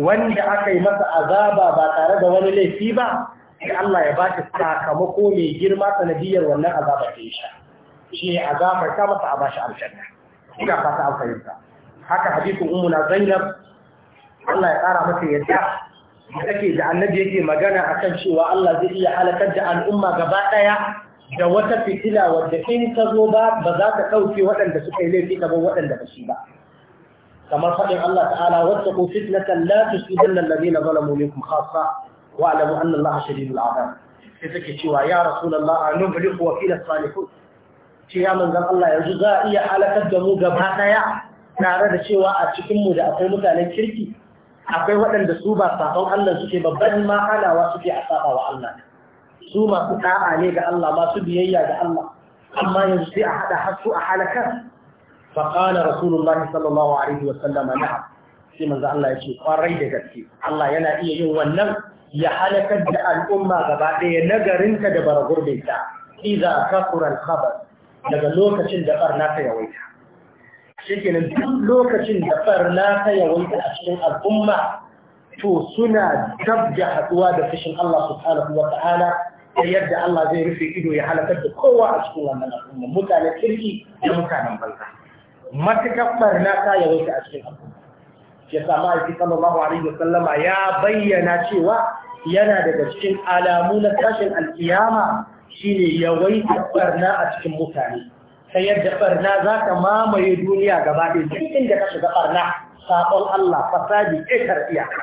wanda aka yi masa azaba ba tare da wani laifi ba sai Allah ya ba ta sakamako mai girma sanadiyar wannan azabar da ya sha shi ne azabar ta masa a bashi aljanna ina fata an haka hadisin na Zainab Allah ya kara mata yadda da take da annabi yake magana akan cewa Allah zai iya halakar da al'umma gaba daya da wata fitila wadda in ta zo ba ba za ta kauce waɗanda suka yi laifi kamar waɗanda ba shi ba kamar faɗin Allah ta'ala wata ko fitnatan la tusibanna alladhina zalamu minkum khassa wa alamu anna Allah shadidul azab sai take cewa ya rasulullah annu bali kuwa fil salihun ce ya manzon Allah yanzu za a iya halakar da mu gaba daya tare da cewa a cikinmu da akwai mutanen kirki akwai waɗanda su ba saƙon Allah suke babban ma'anawa halawa suke a saba wa Allah su masu da'a ne ga Allah masu biyayya ga Allah amma yanzu sai a haɗa hasu a halakar فقال رسول الله صلى الله عليه وسلم نعم sai manzo Allah ya ce kwarai da gaske Allah yana iya yin wannan ya halakar da al'umma gaba ɗaya na garinta da baragurbinta iza kafuran khabar daga lokacin da barna ta yawaita shi duk lokacin da barna ta yawaita a cikin al'umma to suna dab da haɗuwa da fushin Allah subhanahu wa ta'ala da yadda Allah zai rufe ido ya halakar da kowa a cikin wannan al'umma mutane kirki da mutanen banza matakar barna ta yawaita a cikin al'umma ya sama aiki sallallahu alaihi wa sallama ya bayyana cewa yana daga cikin alamu na tashin alkiyama shine yawaita barna a cikin mutane ta yadda barna za ta mamaye duniya gaba ɗaya duk inda ka shiga barna sabon Allah fasadi ƙetar iyaka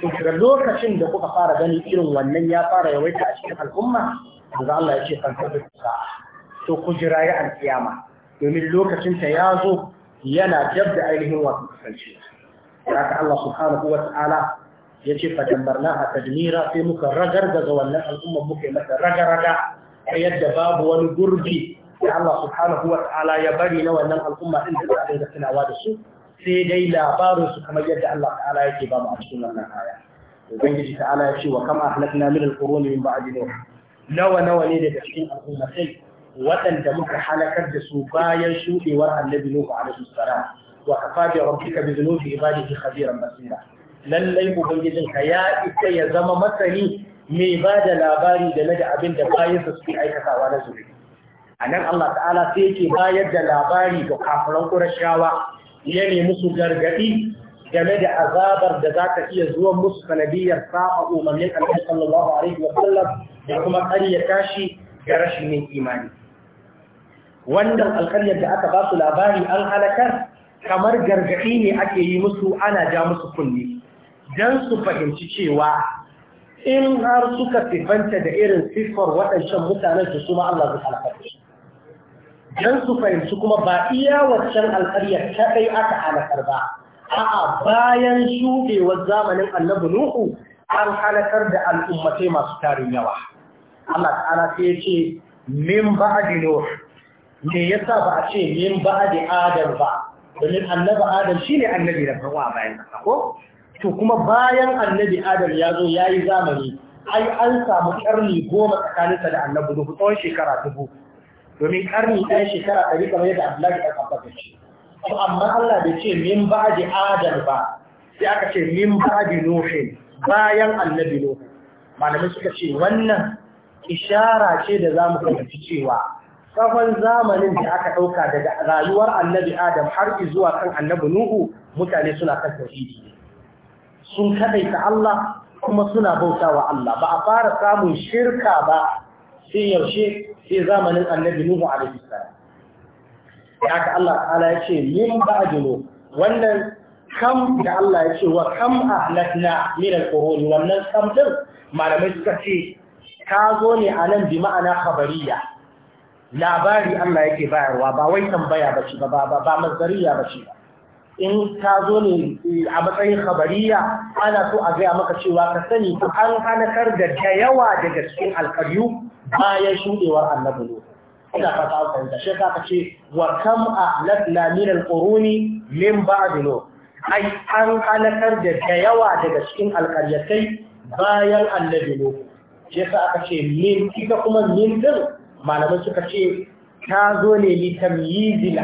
to lokacin da kuka fara ganin irin wannan ya fara yawaita a cikin al'umma da Allah ya ce kan tabbata sa'a to ku jira ya alkiyama domin lokacin ta ya zo yana da ainihin wasu kasance. Haka Allah subhanahu wa ta'ala ya ce fatambarna a tadmira sai muka ragar daga wannan al'ummar muka yi mata raga-raga ta yadda babu wani gurbi da Allah subhanahu wa ta'ala ya bari na wannan al'umma din da za a dinga tunawa da su sai dai labarin su kamar yadda Allah ta'ala yake ba mu a cikin wannan aya ubangiji ta'ala ya ce wa kama ahlakna min al-quruni min ba'di nuh nawa nawa ne daga cikin al'umma al'ummatai waɗanda muka halakar da su bayan shuɗewar annabi nuhu alaihi salam wa kafa bi rabbika bi dhunubi ibadihi khabiran basira lallai ubangijinka ya isa ya zama masani mai ba da labari game da abin da bayansa suke aikatawa na zuri a nan Allah ta'ala sai yake bayar da labari ga kafiran ƙurashawa ya nemi su gargaɗi game da azabar da za ta iya zuwa musu sanadiyar sa'a umarnin annabi sallallahu alaihi wa sallam da kuma ƙarya tashi ga rashin yin imani wannan alƙaryar da aka ba su labari an halakar kamar gargaɗi ne ake yi musu ana ja musu kunne don su fahimci cewa in har suka sifanta da irin siffar waɗancan mutanen su suma Allah zai halaka don su fahimci kuma ba iya waccan ta kaɗai aka halakar ba a'a bayan shuɗewar zamanin annabi nuhu an halakar da al'ummatai masu tarin yawa Allah ta'ala sai ya ce min ba'di nuh me yasa ba a ce min ba'di adam ba domin annabi adam shine annabi da farko a bayan ko to kuma bayan annabi adam ya zo ya yi zamani ai an samu karni goma tsakaninsa da annabi dubu tsawon shekara dubu domin karni ɗaya shekara ɗari kamar yadda abdullahi ɗan abbas ce to amma allah bai ce min ba da adam ba sai aka ce min ba da nuhin bayan annabi nuhu malamai suka ce wannan ishara ce da za mu fahimci cewa tsawon zamanin da aka ɗauka daga rayuwar annabi adam har zuwa kan annabi nuhu mutane suna kan tauhidi sun kadaita Allah kuma suna bautawa Allah ba a fara samun shirka ba sai yaushe sai zamanin annabi Nuhu alaihi salam haka Allah ta'ala ya ce min ba'dinu wannan kam da Allah ya ce wa kam ahlakna min al-qurun wannan kam din malamai suka ce ka zo ne a nan bi ma'ana khabariya labari Allah yake bayarwa ba wai tambaya ba shi ba ba ba mazariya ba ba in ta zo ne eh, a matsayin khabariya ana so a gaya maka cewa ka sani an halakar da ta yawa daga cikin alkaryu bayan shuɗewar annabi ne ina fata an fahimta shi ka ce wa kam ahlakna min alquruni min ba'd no ai an halakar da ta yawa daga cikin alkaryatai bayan annabi ne shi yasa aka ce min kika kuma min din malaman suka ce ta zo ne li tamyizil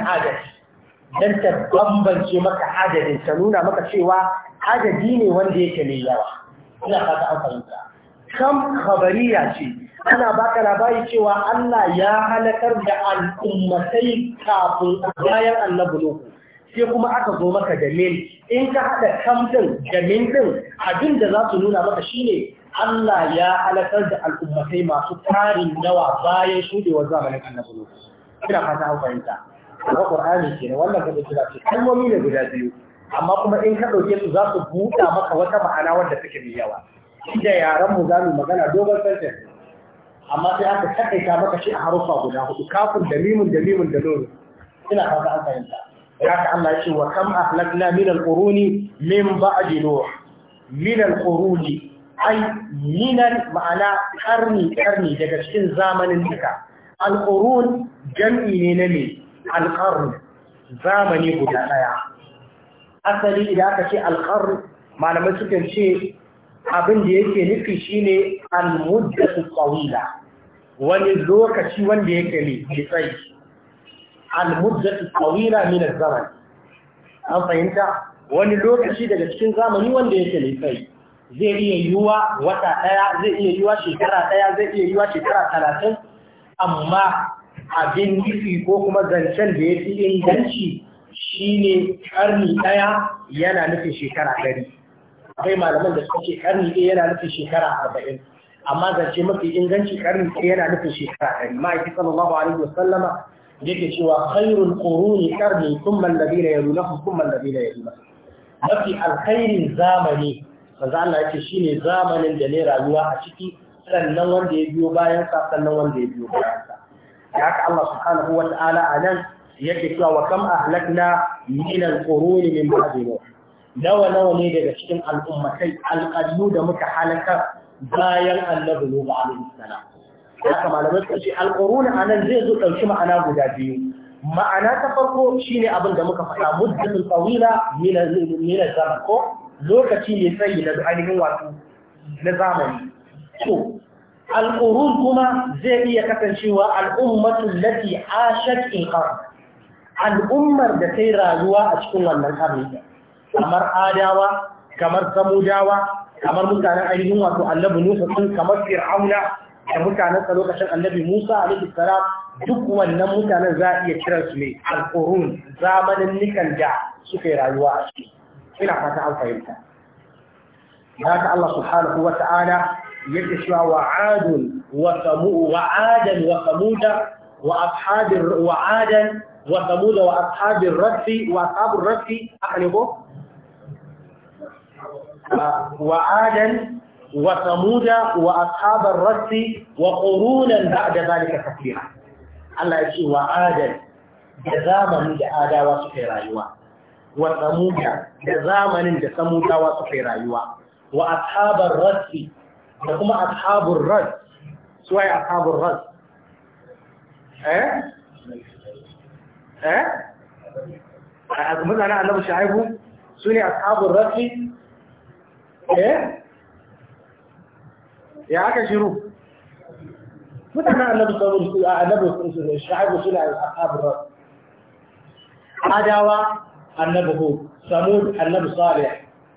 don ta bambance maka adadin ta nuna maka cewa adadi ne wanda yake mai yawa ina fata an fahimta kam khabariya ce ana baka labari cewa Allah ya halakar da al'ummatai kafin bayan annabi Nuhu sai kuma aka zo maka da min in ka haɗa kamtin da min din abin da za su nuna maka shine Allah ya halakar da al'ummatai masu tarin yawa bayan shudewar zamanin annabi Nuhu ina fata an fahimta na Qur'ani kenan wannan kaga kira ce kalmomi ne guda biyu amma kuma in ka dauke su za su buɗa maka wata ma'ana wanda take mai yawa shi da yaran mu zamu magana dogon sentence amma sai aka takaita maka shi a harufa guda hudu kafin da mimun da mimun da nono ina fata an fahimta ya ka Allah ce wa kam ahlakna min al-quruni min ba'di nuh min al-quruni ai min ma'ana karni karni daga cikin zamanin duka al-qurun jam'i ne na me alƙarni zamani guda ɗaya asali idan aka ce alƙarni malamai sukan ce abin da yake nufi shi shine almuddatu tsawila wani lokaci wanda yake ne mai tsayi almuddatu tsawila min zaman an fahimta wani lokaci daga cikin zamani wanda yake mai tsayi zai iya yiwuwa wata ɗaya zai iya yiwuwa shekara ɗaya zai iya yiwuwa shekara talatin amma abin nufi ko kuma zancen da ya fi inganci shine karni ɗaya yana nufin shekara ɗari akwai malaman da suka karni ɗaya yana nufin shekara arba'in amma zance mafi inganci karni ɗaya yana nufin shekara ɗari ma'aiki sallallahu alaihi wasallama ke cewa khairul ne karni na alladhina mallabi thumma alladhina yalunahum mafi alkhairin zamani manzo Allah yake shine zamanin da ne rayuwa a ciki sannan wanda ya biyo bayan sa sannan wanda ya biyo bayan da haka Allah subhanahu wa ta'ala a nan yake cewa wa kam ahlakna min al-qurun min ba'di nuh nawa nawa ne daga cikin al'ummatai alqallu da muka halaka bayan annabi nuh alaihi salam haka malamai suka ce al-qurun nan zai zo dauki ma'ana guda biyu ma'ana ta farko shine abin da muka faɗa muddatul tawila min al-zaman ko lokaci ne sai na ainihin wato na zamani to al'urun kuma zai iya kasancewa al'ummatun lati ashat inkar al'ummar da ta yi rayuwa a cikin wannan karni kamar adawa kamar samudawa kamar mutanen ainihin wato annabi nusa sun kamar fir'auna da mutanen sa lokacin Allabi musa alaihi salam duk wannan mutanen za a iya kiransu ne al'urun zamanin nikan da suka yi rayuwa a ciki ina fata an fahimta haka Allah subhanahu wa ta'ala يكشف وعاد وعاد وثمود وأصحاب وعاد وثمود وأصحاب الرث وأصحاب الرث أقلبه آه، وعاد وثمود وأصحاب الرث وقرونا بعد ذلك كثيرا الله يشي وعاد جزاما من جهاد وصفير أيوة وثمود جزاما من جثمود وصفير أيوة وأصحاب الرث da kuma ashabun ras suwai ashabun ras eh eh a mutanen annabu shaibu su ne ashabun rafi eh ya aka shiru mutanen annabu sallallahu alaihi shaibu su ne ashabun ras adawa annabi hud samud annabi salih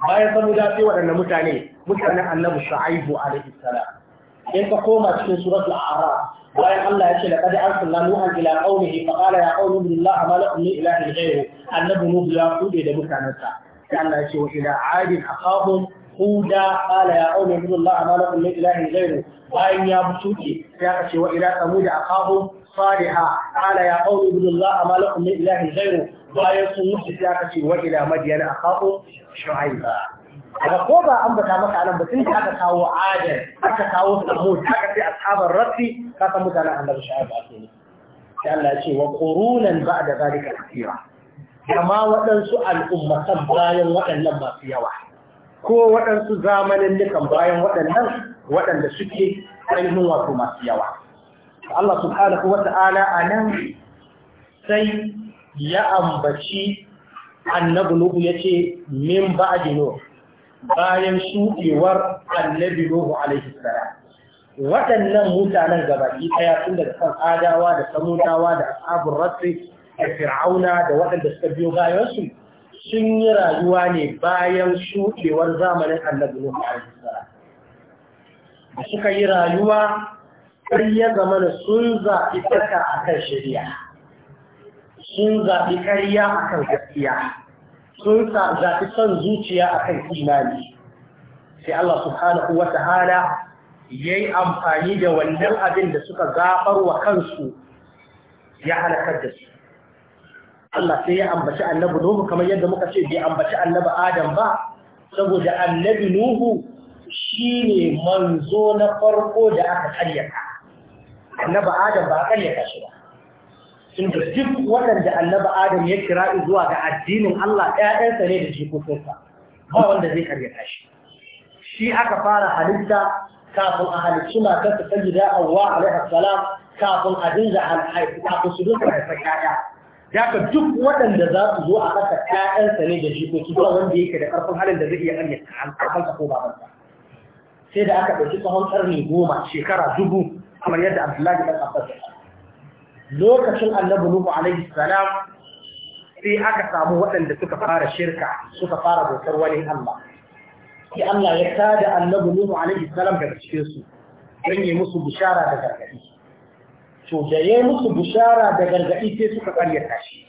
bayan samuda sai waɗanne mutane mutanen annabi shu'aibu alaihi salam in ka koma cikin suratul a'raf bayan Allah ya ce laqad arsalna nuhan ila qaumihi fa qala ya qaumi inna allaha ma lakum min ilahin ghayru annabi nuhu ya kude da mutanansa sai Allah ya ce wa ila adin aqahum huda qala ya qaumi inna allaha ma lakum min ilahin ghayru bayan ya butuke sai aka ce wa ila samud aqahum صالحا قال يا قوم اعبدوا الله ما لكم من اله غيره بايعوا موسى سياقه والى مدين اخاهم شعيبا daga ko ba an bata maka nan ba sai aka kawo adal aka kawo samud aka ce ashabar rafi ka san mutanen annabi shaibu ake ne sai Allah ya ce wa qurunan ba'da zalika kathira kama waɗansu al'ummatan bayan waɗannan masu yawa ko waɗansu zamanin nukan bayan waɗannan waɗanda suke ainihin wato masu yawa Allah subhanahu wa ta'ala a nan sai ya ambaci annabi nuhu ya ce min ba'adi bayan shuɗewar annabi Nuhu alaihi salam waɗannan mutanen gabaki ɗaya tun daga kan adawa da samutawa da Asabun rassi da fir'auna da waɗanda suka biyo bayansu sun yi rayuwa ne bayan shuɗewar zamanin annabi Nuhu alaihi salam da suka yi rayuwa har ya zama da sun zaɓi akan sun zaɓi ƙarya a kan gaskiya sun zafi son zuciya akan imani sai Allah subhanahu wa ta'ala yayi amfani da wannan abin da suka zabar wa kansu ya halakar da su Allah sai ya ambaci annabi Nuhu kamar yadda muka ce bai ambaci annabi Adam ba saboda annabi Nuhu shine manzo na farko da aka karyata annabi Adam ba a karyata shi ba In da duk waɗanda annaba adam ya kira zuwa ga addinin Allah ɗayansa ne da jikokinsa ba wanda zai karyata shi shi aka fara halitta kafin a halicci matar ta sayyida Hawwa alaiha salam kafin a dinga haifi kafin su dinga haifa ƴaƴa ka duk waɗanda za su zo a ƙasa ƴaƴansa ne da jikokin ba wanda yake da ƙarfin halin da zai iya karyata alƙarfansa ko babansa sai da aka ɗauki tsawon ƙarni goma shekara dubu kamar yadda Abdullahi ɗan Abbas ya lokacin annabi Nuhu alaihi salam sai aka samu waɗanda suka fara shirka suka fara bautar wani Allah sai Allah ya tada annabi Nuhu alaihi salam daga cikin su don yi musu bishara da gargadi. to da ya musu bishara da gargadi sai suka karyata shi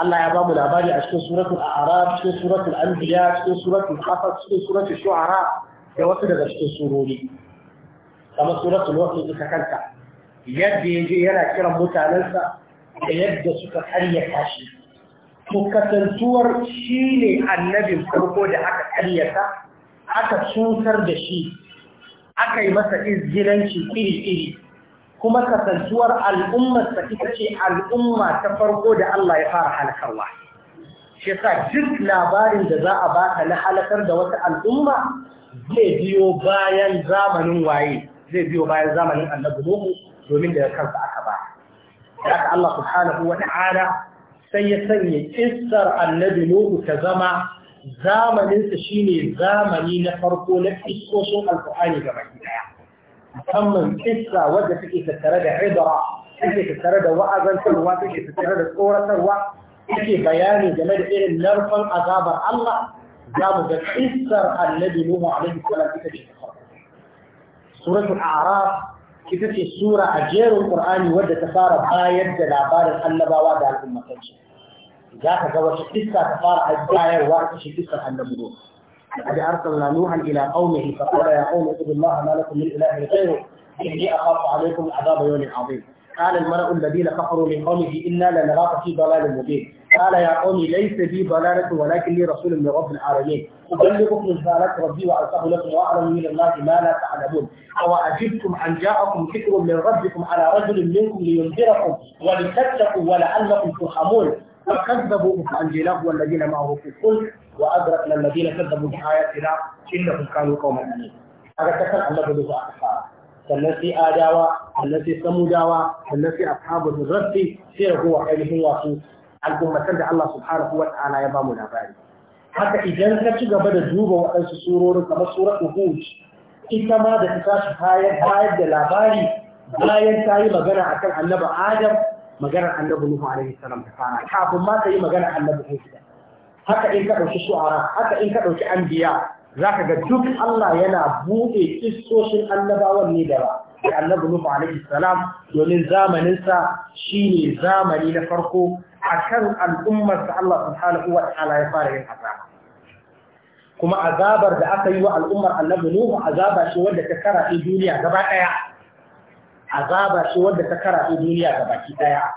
Allah ya ba mu labari a cikin suratul a'raf cikin suratul anbiya cikin suratul qasas cikin suratul shu'ara da wasu daga cikin surori kamar suratul wasu ita kanta yadda ya je yana kiran mutanensa da yadda suka karyata shi Ku kasantuwar shi ne annabin farko da aka karyata aka cutar da shi aka yi masa izginanci iri-iri kuma kasantuwar al'ummarsa ita ce al'umma ta farko da Allah ya fara halakarwa shi sa duk labarin da za a baka na halakar da wata al'umma zai biyo bayan zamanin waye zai biyo bayan zamanin annabi Nuhu domin daga kansa aka ba da aka Allah subhanahu wa ta'ala sai ya sanya kissar annabi Nuhu ta zama zamaninsa shine zamani na farko na kissoshin alƙur'ani ga baki daya musamman kissa wadda take tattare da ibra take tattare da wa'azantarwa take tattare da tsoratarwa take bayani game da irin narkon azabar Allah za mu ga kissar annabi Nuhu alaihi salam ita ce suratul a'raf ita ce sura a jerin Qur'ani wadda ta fara bayar da labarin annabawa da al'ummatanci za ka ga wata kissa ta fara bayarwa kissar لقد أرسلنا نوحا إلى قومه فقال يا قوم اعبدوا الله ما لكم من إله غيره إني أخاف عليكم عذاب يوم عظيم قال الملأ الذين كفروا من قومه إنا لنراك في ضلال مبين قال يا قومي ليس بي ضلالة ولكن لي رسول من رب العالمين أبلغكم رسالة ربي وأرسله لكم وأعلم من الله ما لا تعلمون أو أجبتم أن جاءكم ذكر من ربكم على رجل منكم لينذركم ولتتقوا ولعلكم ترحمون فكذبوا فأنجيناه والذين معه في الفلك وأدركنا الذين كذبوا بآياتنا إنهم كانوا قوما أمين هذا كثر النبي له أكثر sannan sai adawa sannan sai samudawa sannan sai ashabul rasi sai al'ummatan da Allah subhanahu wa ta'ala ya bamu labari haka idan ka ci gaba da duba waɗansu surorin kamar suratul hud ita ma da ta tashi bayan bayar da labari bayan ta yi magana akan annabi adam magana annabi nuhu alaihi salam ta fara kafin ma ta yi magana annabi isa haka in ka ɗauki shu'ara haka in ka ɗauki anbiya ka ga duk Allah yana buɗe kissoshin annabawan ne da da annabi nuhu alaihi salam domin zamaninsa shine zamani na farko akan al'ummar da Allah subhanahu wa ta'ala ya fara yin azaba kuma azabar da aka yi wa al'ummar annabi Nuhu azaba shi wanda ta karafi duniya gaba ɗaya, azaba shi wanda ta karafi duniya gaba ki daya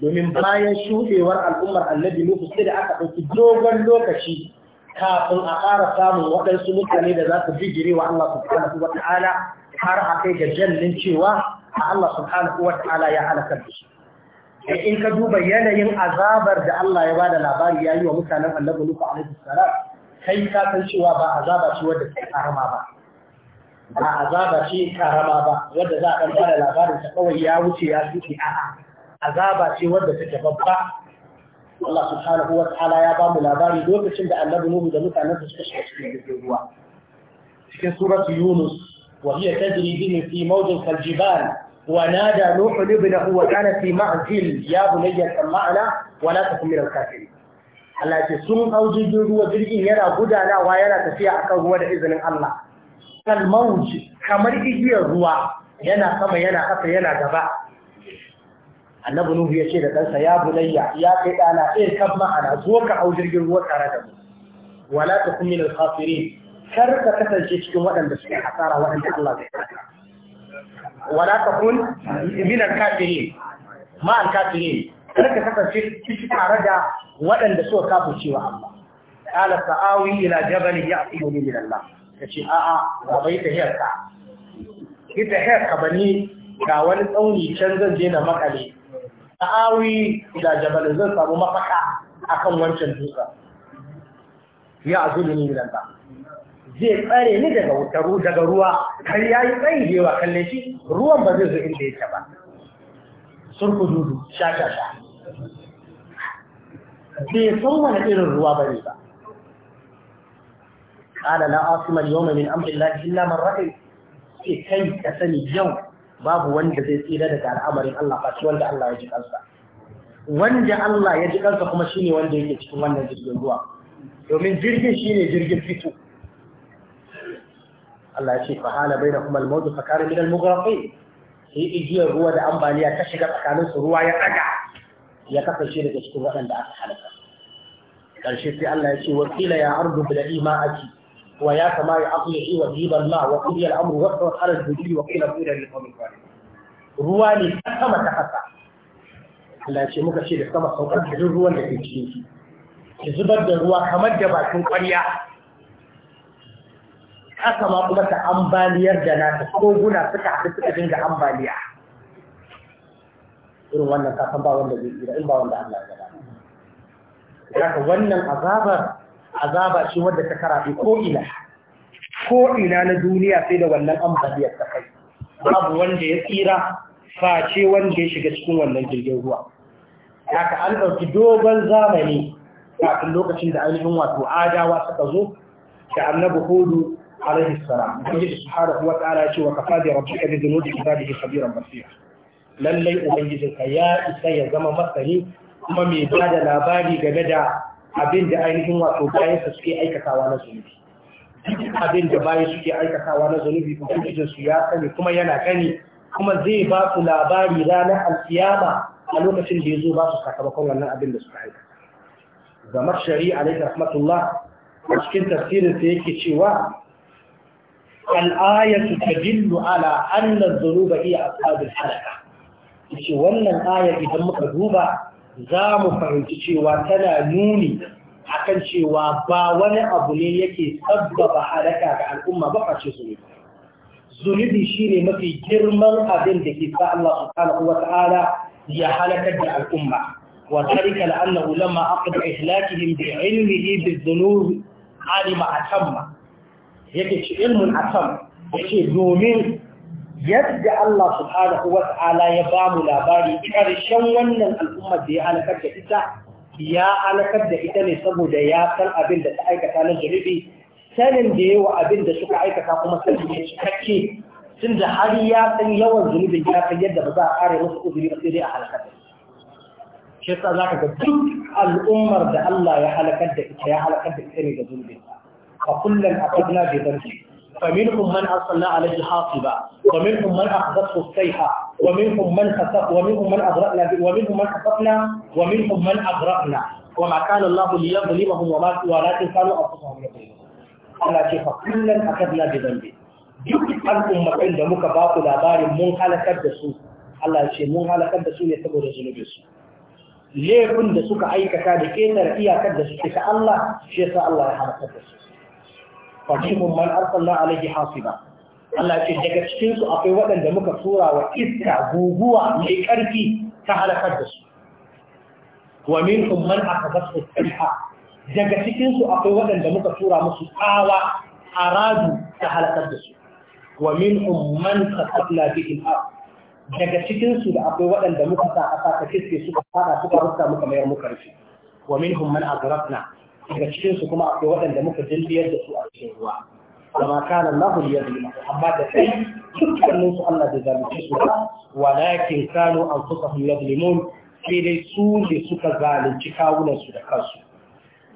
domin bayan shuɗewar al'ummar annabi Nuhu sai da aka ɗauki dogon lokaci kafin a ƙara samun waɗansu mutane da za su bijire wa Allah subhanahu wa ta'ala har a kai ga jallin cewa a Allah subhanahu wa ta'ala ya halaka da su Eh, in ka duba yanayin azabar da Allah ya bada labari ya yi wa mutanen annabi Nuhu alaihi salam kai ka san cewa ba azaba ce wadda ta karama ba ba azaba ce karama ba wadda za a dan bada labarin ta kawai ya wuce ya tuke a'a azaba ce wadda take babba Allah subhanahu wa ta'ala ya ba mu labari lokacin da annabi Nuhu da mutanen su suka shiga cikin jirgin ruwa cikin suratu Yunus wa hiya tajri bihim fi mawjin kaljibal ونادى نوح ابنه وكان في معزل يا بني اركب معنا ولا تكن من الكافرين Allah ce sun hau jirgin ruwa jirgin yana gudanawa yana tafiya akan ruwa da izinin Allah kalmauj kamar igiyar ruwa yana sama yana haka yana gaba annabi nuhu ya ce da ɗansa ya bunayya ya kai ɗana eh kan ma'ana zo ka hau jirgin ruwa tare da mu wala ta kun min al kar ka kasance cikin waɗanda suke hasara waɗanda Allah zai kasa wala takun min al-kafirin ma al-kafirin kar ka kasance cikin tare da waɗanda suka kafirce wa Allah ala sa'awi ila jabal ya'tini min Allah kace a a ba bai ta hiyarka ita hiyarka bane ga wani tsauni can zan je na makale sa'awi ila jabal zan samu mafaka akan wancan dutsen ya azuluni min Allah zai tsare ni daga wutar daga ruwa kar yayi tsayi da yawa kalle shi ruwan ba zai zo inda yake ba surku dudu sha sha sha bai san wani irin ruwa bane ba قال na عاصم اليوم min amfani الله illa man رحم sai kai ka sani yau babu wanda zai tsira daga al'amarin Allah ba shi wanda Allah ya ji kansa wanda Allah ya ji kansa kuma shine wanda yake cikin wannan jirgin ruwa domin jirgin shine jirgin fito Allah ya ce fa hala bainahuma al-mawt fa kana min al-mughraqin sai igiyar ruwa da ambaliya ta shiga tsakanin su ruwa ya daga ya kasance daga cikin waɗanda aka halaka karshe sai Allah ya ce wa qila ya ardu ma ma'aki wa ya sama'i aqli'i wa dhiba al-ma wa qiya al-amru wa qad ala al-budi wa qila qila lil qawmi ruwa ne sama ta kasa Allah ya ce muka ce da sama saukar da ruwan da ke cikin ki zubar da ruwa kamar da bakin ƙwarya haka ma kuma ta ambaliyar da na ta koguna suka haɗu suka dinga ambaliya irin wannan kasan ba wanda zai tsira in ba wanda Allah ya gada haka wannan azabar azaba shi wadda ta karafi ko ina ko ina na duniya sai da wannan ambaliyar ta kai babu wanda ya tsira face wanda ya shiga cikin wannan jirgin ruwa ka an ɗauki dogon zamani kafin lokacin da ainihin wato adawa suka zo da annabi hudu alaihi salam ubangiji subhanahu wa ta'ala ya ce wa kafa bi rabbika bi dhunubi ibadihi khabiran basira lallai ubangijin ka ya isa ya zama masani kuma mai ba da labari game da abin da ainihin wato bayan su suke aikatawa na zunubi abin da bayan suke aikatawa na zunubi ubangijin su ya sani kuma yana gani kuma zai ba su labari ranar alkiyama a lokacin da ya zo ba su sakamakon wannan abin da suka aikata zamar shari'a alaihi rahmatullah a cikin tafsirin sa yake cewa al'ayatu tadillu ala anna dhunuba iya ashabul halaka yace wannan ayar idan muka duba za mu fahimci cewa tana nuni akan cewa ba wani abu ne yake sabbaba halaka da al'umma ba face zunubi zunubi shine mafi girman abin da ke sa Allah subhanahu wa ta'ala ya halakar da al'umma وذلك لأنه لما أقض إهلاكهم بعلمه بالذنوب علم أتم yake ci ilmin akan yake domin yadda Allah subhanahu wa ta'ala ya ba mu labari ƙarshen wannan al'ummar da ya halakar da ita ya halakar da ita ne saboda ya san abin da ta aikata na jaribi sanin da yawa abin da suka aikata kuma sanin da cikakke tun da har ya san yawan zunubin ya san yadda ba za a ƙara musu uzuri ba sai dai a halakar da shi yasa za ka ga duk al'ummar da Allah ya halakar da ita ya halakar da ita ne da zunubin فكلا أخذنا بذنبه فمنهم من أرسلنا عليه حاصبا ومنهم من أخذته الصيحة ومنهم من خسف ومنهم من أغرقنا ومنهم من خسفنا ومنهم من أغرقنا وما كان الله ليظلمهم وما ولكن كانوا أنفسهم يظلمون Allah ce fa kullum akadna bi zambi duk al'ummatan da muka ba ku labarin mun halakar da su Allah ce mun halakar da su ne saboda zunubin su laifin da suka aikata da ketar iyakar da suke ta Allah shi yasa Allah ya halakar da su fa minhum man arsalna alaihi hasiba Allah ce daga cikin su akwai waɗanda muka tura wa iska guguwa mai ƙarfi ta halakar da su wa aka man akhadhathu sayha daga cikin su akwai waɗanda muka tura musu tsawa aradu ta halakar da su wa min umman khatabna bihi bi ard daga cikin su da akwai waɗanda muka sa aka ta kiske suka fada suka rusa muka mayar muka rufe wa min umman a aghraqna daga cikinsu kuma akwai waɗanda muka dilliyar da su a cikin ruwa kama kana Allah ya yi amma da kai dukkanin su Allah da zalunci su ba walakin kusa anfusahum yadlimun sai dai su ne suka zalunci kawunan su da kansu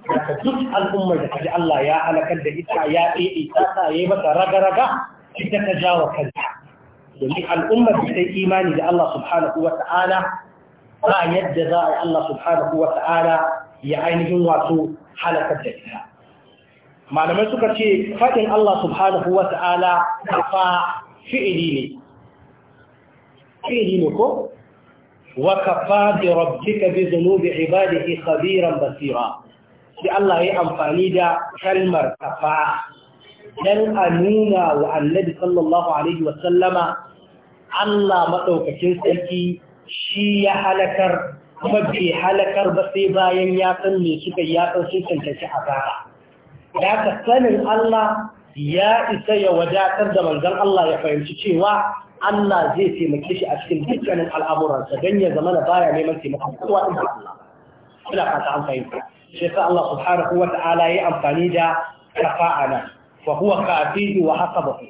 daga duk al'ummar da kaji Allah ya halakar da ita ya ɗaiɗe ta sa ya yi mata raga-raga ita ta jawa kanta domin al'ummar da ta imani da Allah subhanahu wa ta'ala ba yadda za a yi Allah subhanahu wa ta'ala ya ainihin wato halakar da ita malamai suka ce faɗin Allah subhanahu wa ta'ala kafa fi'ili ne fi'ili ne ko wa kafa bi rabbika bi dhunubi ibadihi khabiran basira sai Allah ya amfani da kalmar kafa dan a nuna wa annabi sallallahu alaihi wa Allah madaukakin sarki shi ya halakar kuma bai halakar ba sai bayan ya san me suka ya san sun a azaba da ka sanin Allah ya isa ya wadatar da manzon Allah ya fahimci cewa Allah zai taimake shi a cikin dukkanin al'amuransa don ya zama na baya neman taimakon kowa inda Allah ina fata an fahimta shi sa Allah subhanahu wa ta'ala ya amfani da kafa'ana wa huwa kafidu wa hasabahu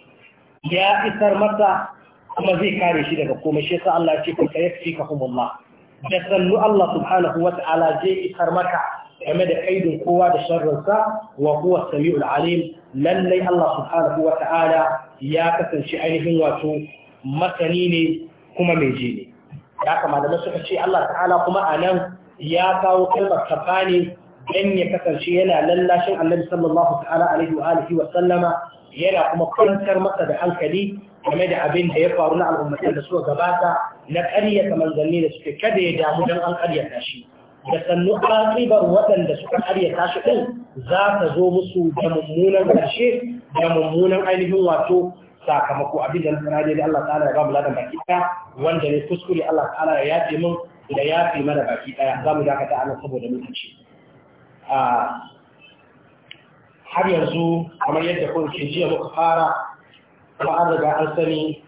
ya isar masa kuma zai kare shi daga komai shi sa Allah ya ce kun ka yafi ka kuma Allah. da sannu Allah subhanahu wa ta'ala zai isar maka game da kaidin kowa da sharrinsa wa kuwa sami'ul alim lallai Allah subhanahu wa ta'ala ya kasance ainihin wato masani ne kuma mai ji ne ya kama da suka ce Allah ta'ala kuma a nan ya kawo kalmar kafa dan ya kasance yana lallashin Annabi sallallahu ta'ala alaihi wa alihi wa sallama yana kuma kwantar masa da hankali game da abin da ya faru na al'ummatan da suka gabata na ƙaryata manzanni da suke kada ya damu don an ƙaryata shi da sannu akibar waɗanda suka ƙaryata shi ɗin za ta zo musu da mummunan ƙarshe da mummunan ainihin wato sakamako abin da na da Allah ta'ala ya ba mu ladan baki ɗaya wanda ne kuskure Allah ta'ala ya yafe min da yafe mana baki ɗaya za mu dakata a nan saboda lokaci. Ah, har yanzu kamar yadda kun ke jiya muka fara kuma an riga an sani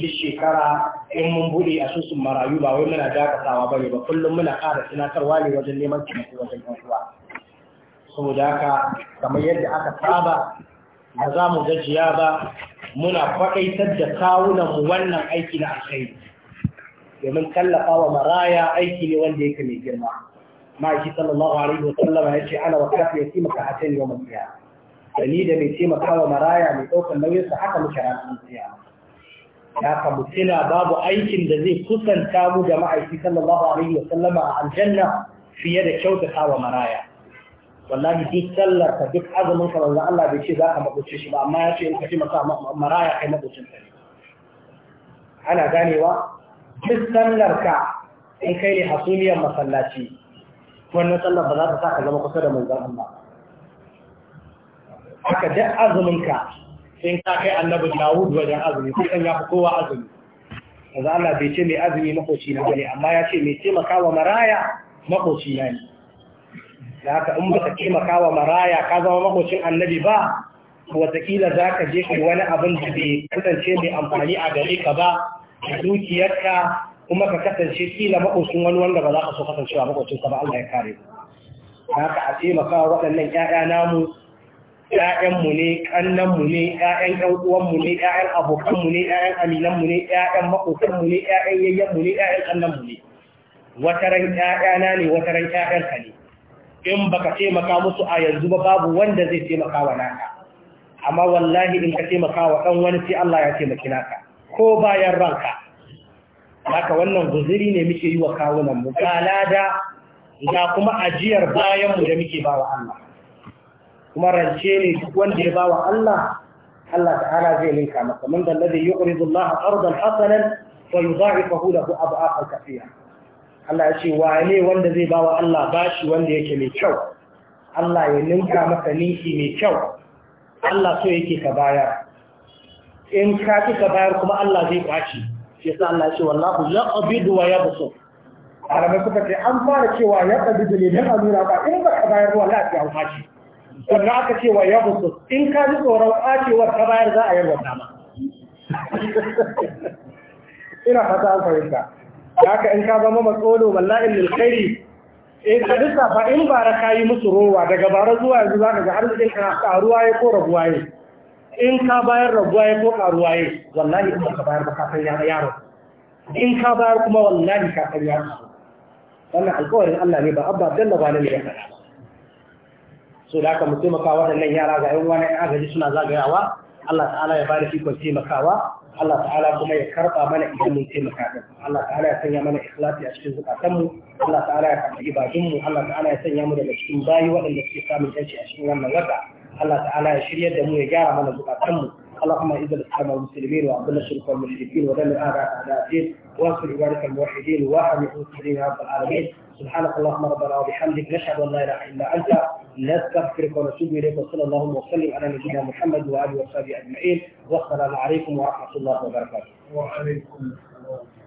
duk shekara in mun buɗe asusun marayu ba wai muna dakatawa ba ne ba kullum muna ƙara tunatarwa ne wajen neman taimako wajen ɗan uwa saboda haka kamar yadda aka saba ba za mu gajiya ba muna faɗaitar da kawunan mu wannan aiki na alkhairi domin tallafa wa maraya aiki ne wanda yake mai girma ma'aiki sallallahu alaihi wa sallama ya ce ana wa kafa ka hatani wa mafiya da da mai taimakawa maraya mai ɗaukar nauyinsa haka muke ranar kiyama ya ka mutuna babu aikin da zai kusanta mu da ma'aiki sallallahu alaihi wa sallama a aljanna fiye da kyautata wa maraya wallahi duk sallar ka duk azumin ka manzo Allah bai ce za ka mabuce shi ba amma ya ce in ka ce masa maraya kai mabucin ka ana ganewa duk sallar ka in kai ne hasumiyar masallaci wannan sallar ba za ta sa ka zama kusa da manzon Allah haka duk azuminka sai ka kai annabi Dawud wajen azumi sai kan yafi kowa azumi kaza Allah bai ce mai azumi makoci na bane amma ya ce mai taimakawa maraya makoci na ne da haka in baka taimakawa maraya ka zama makocin annabi ba watakila za ka je kai wani abin da bai kasance mai amfani a gare ka ba A dukiyarka kuma ka kasance kila makocin wani wanda ba za ka so kasancewa ka ba Allah ya kare ka haka a taimakawa waɗannan 'ya'ya namu ‘ya'yanmu ne, ƙannanmu ne, ‘ya'yan ƙyanƙuwanmu ne, ‘ya'yan abokanmu ne, ‘ya'yan aminanmu ne, ‘ya'yan maƙotanmu ne, ‘ya'yan yayyanmu ne, ‘ya'yan ƙannanmu ne. Wataran ‘ya'yana ne, wataran ‘ya'yanka ne. In ba ka taimaka musu a yanzu ba babu wanda zai taimaka wa naka. Amma wallahi in ka taimaka wa ɗan wani sai Allah ya taimaki naka, ko bayan ranka. Haka wannan guziri ne muke yi wa kawunanmu, ga lada ga kuma ajiyar bayanmu da muke ba wa Allah. kuma rance ne duk wanda ya bawa Allah Allah ta'ala zai linka masa man dal ladhi yuqridu Allah ardan hasanan wa yudha'ifahu lahu ad'afa kathira Allah ya ce wane wanda zai bawa Allah bashi wanda yake mai kyau Allah ya ninka maka ninki mai kyau Allah so yake ka bayar in ka ki ka bayar kuma Allah zai kwaci shi yasa Allah ya ce wallahu yaqbidu wa yabsu arabai suka ce an fara cewa yaqbidu ne dan amira ba in ba ka bayar wallahi ya kwaci sannan aka ce wa ya busu in ka ji tsoron ɓacewar ta bayar za a yi wata ma ina fata an fahimta da haka in ka zama matsolo wallahi lil khairi in ka duka fa in bara ka yi musu rowa daga bara zuwa yanzu za ka ga arzikin ka karuwa ya ko rabuwa ya in ka bayar rabuwa ya ko karuwa ya wallahi in ka bayar ba ka san yaro in ka bayar kuma wallahi ka san yaro wannan alƙawarin Allah ne ba abba dalla ba ne ya faɗa so da aka mu taimaka waɗannan yara ga yan wani agaji suna zagayawa Allah ta'ala ya bada ikon taimakawa Allah ta'ala kuma ya karɓa mana idan mun taimaka din Allah ta'ala ya sanya mana ikhlasi a cikin zukatanmu Allah ta'ala ya karɓi ibadunmu Allah ta'ala ya sanya mu daga cikin bayi waɗanda suke samun yanci a cikin wannan wata Allah ta'ala ya shiryar da mu ya gyara mana zukatanmu اللهم اعز الاسلام والمسلمين واذل الشرك والمشركين ودمر اعداء اعداء الدين وانصر عبادك الموحدين واحمي المسلمين يا رب العالمين سبحانك اللهم ربنا وبحمدك نشهد ان لا اله الا انت نستغفرك ونتوب اليك وصلى اللهم وسلم على نبينا محمد وعلى اله وصحبه اجمعين والسلام عليكم ورحمه الله وبركاته. وعليكم السلام.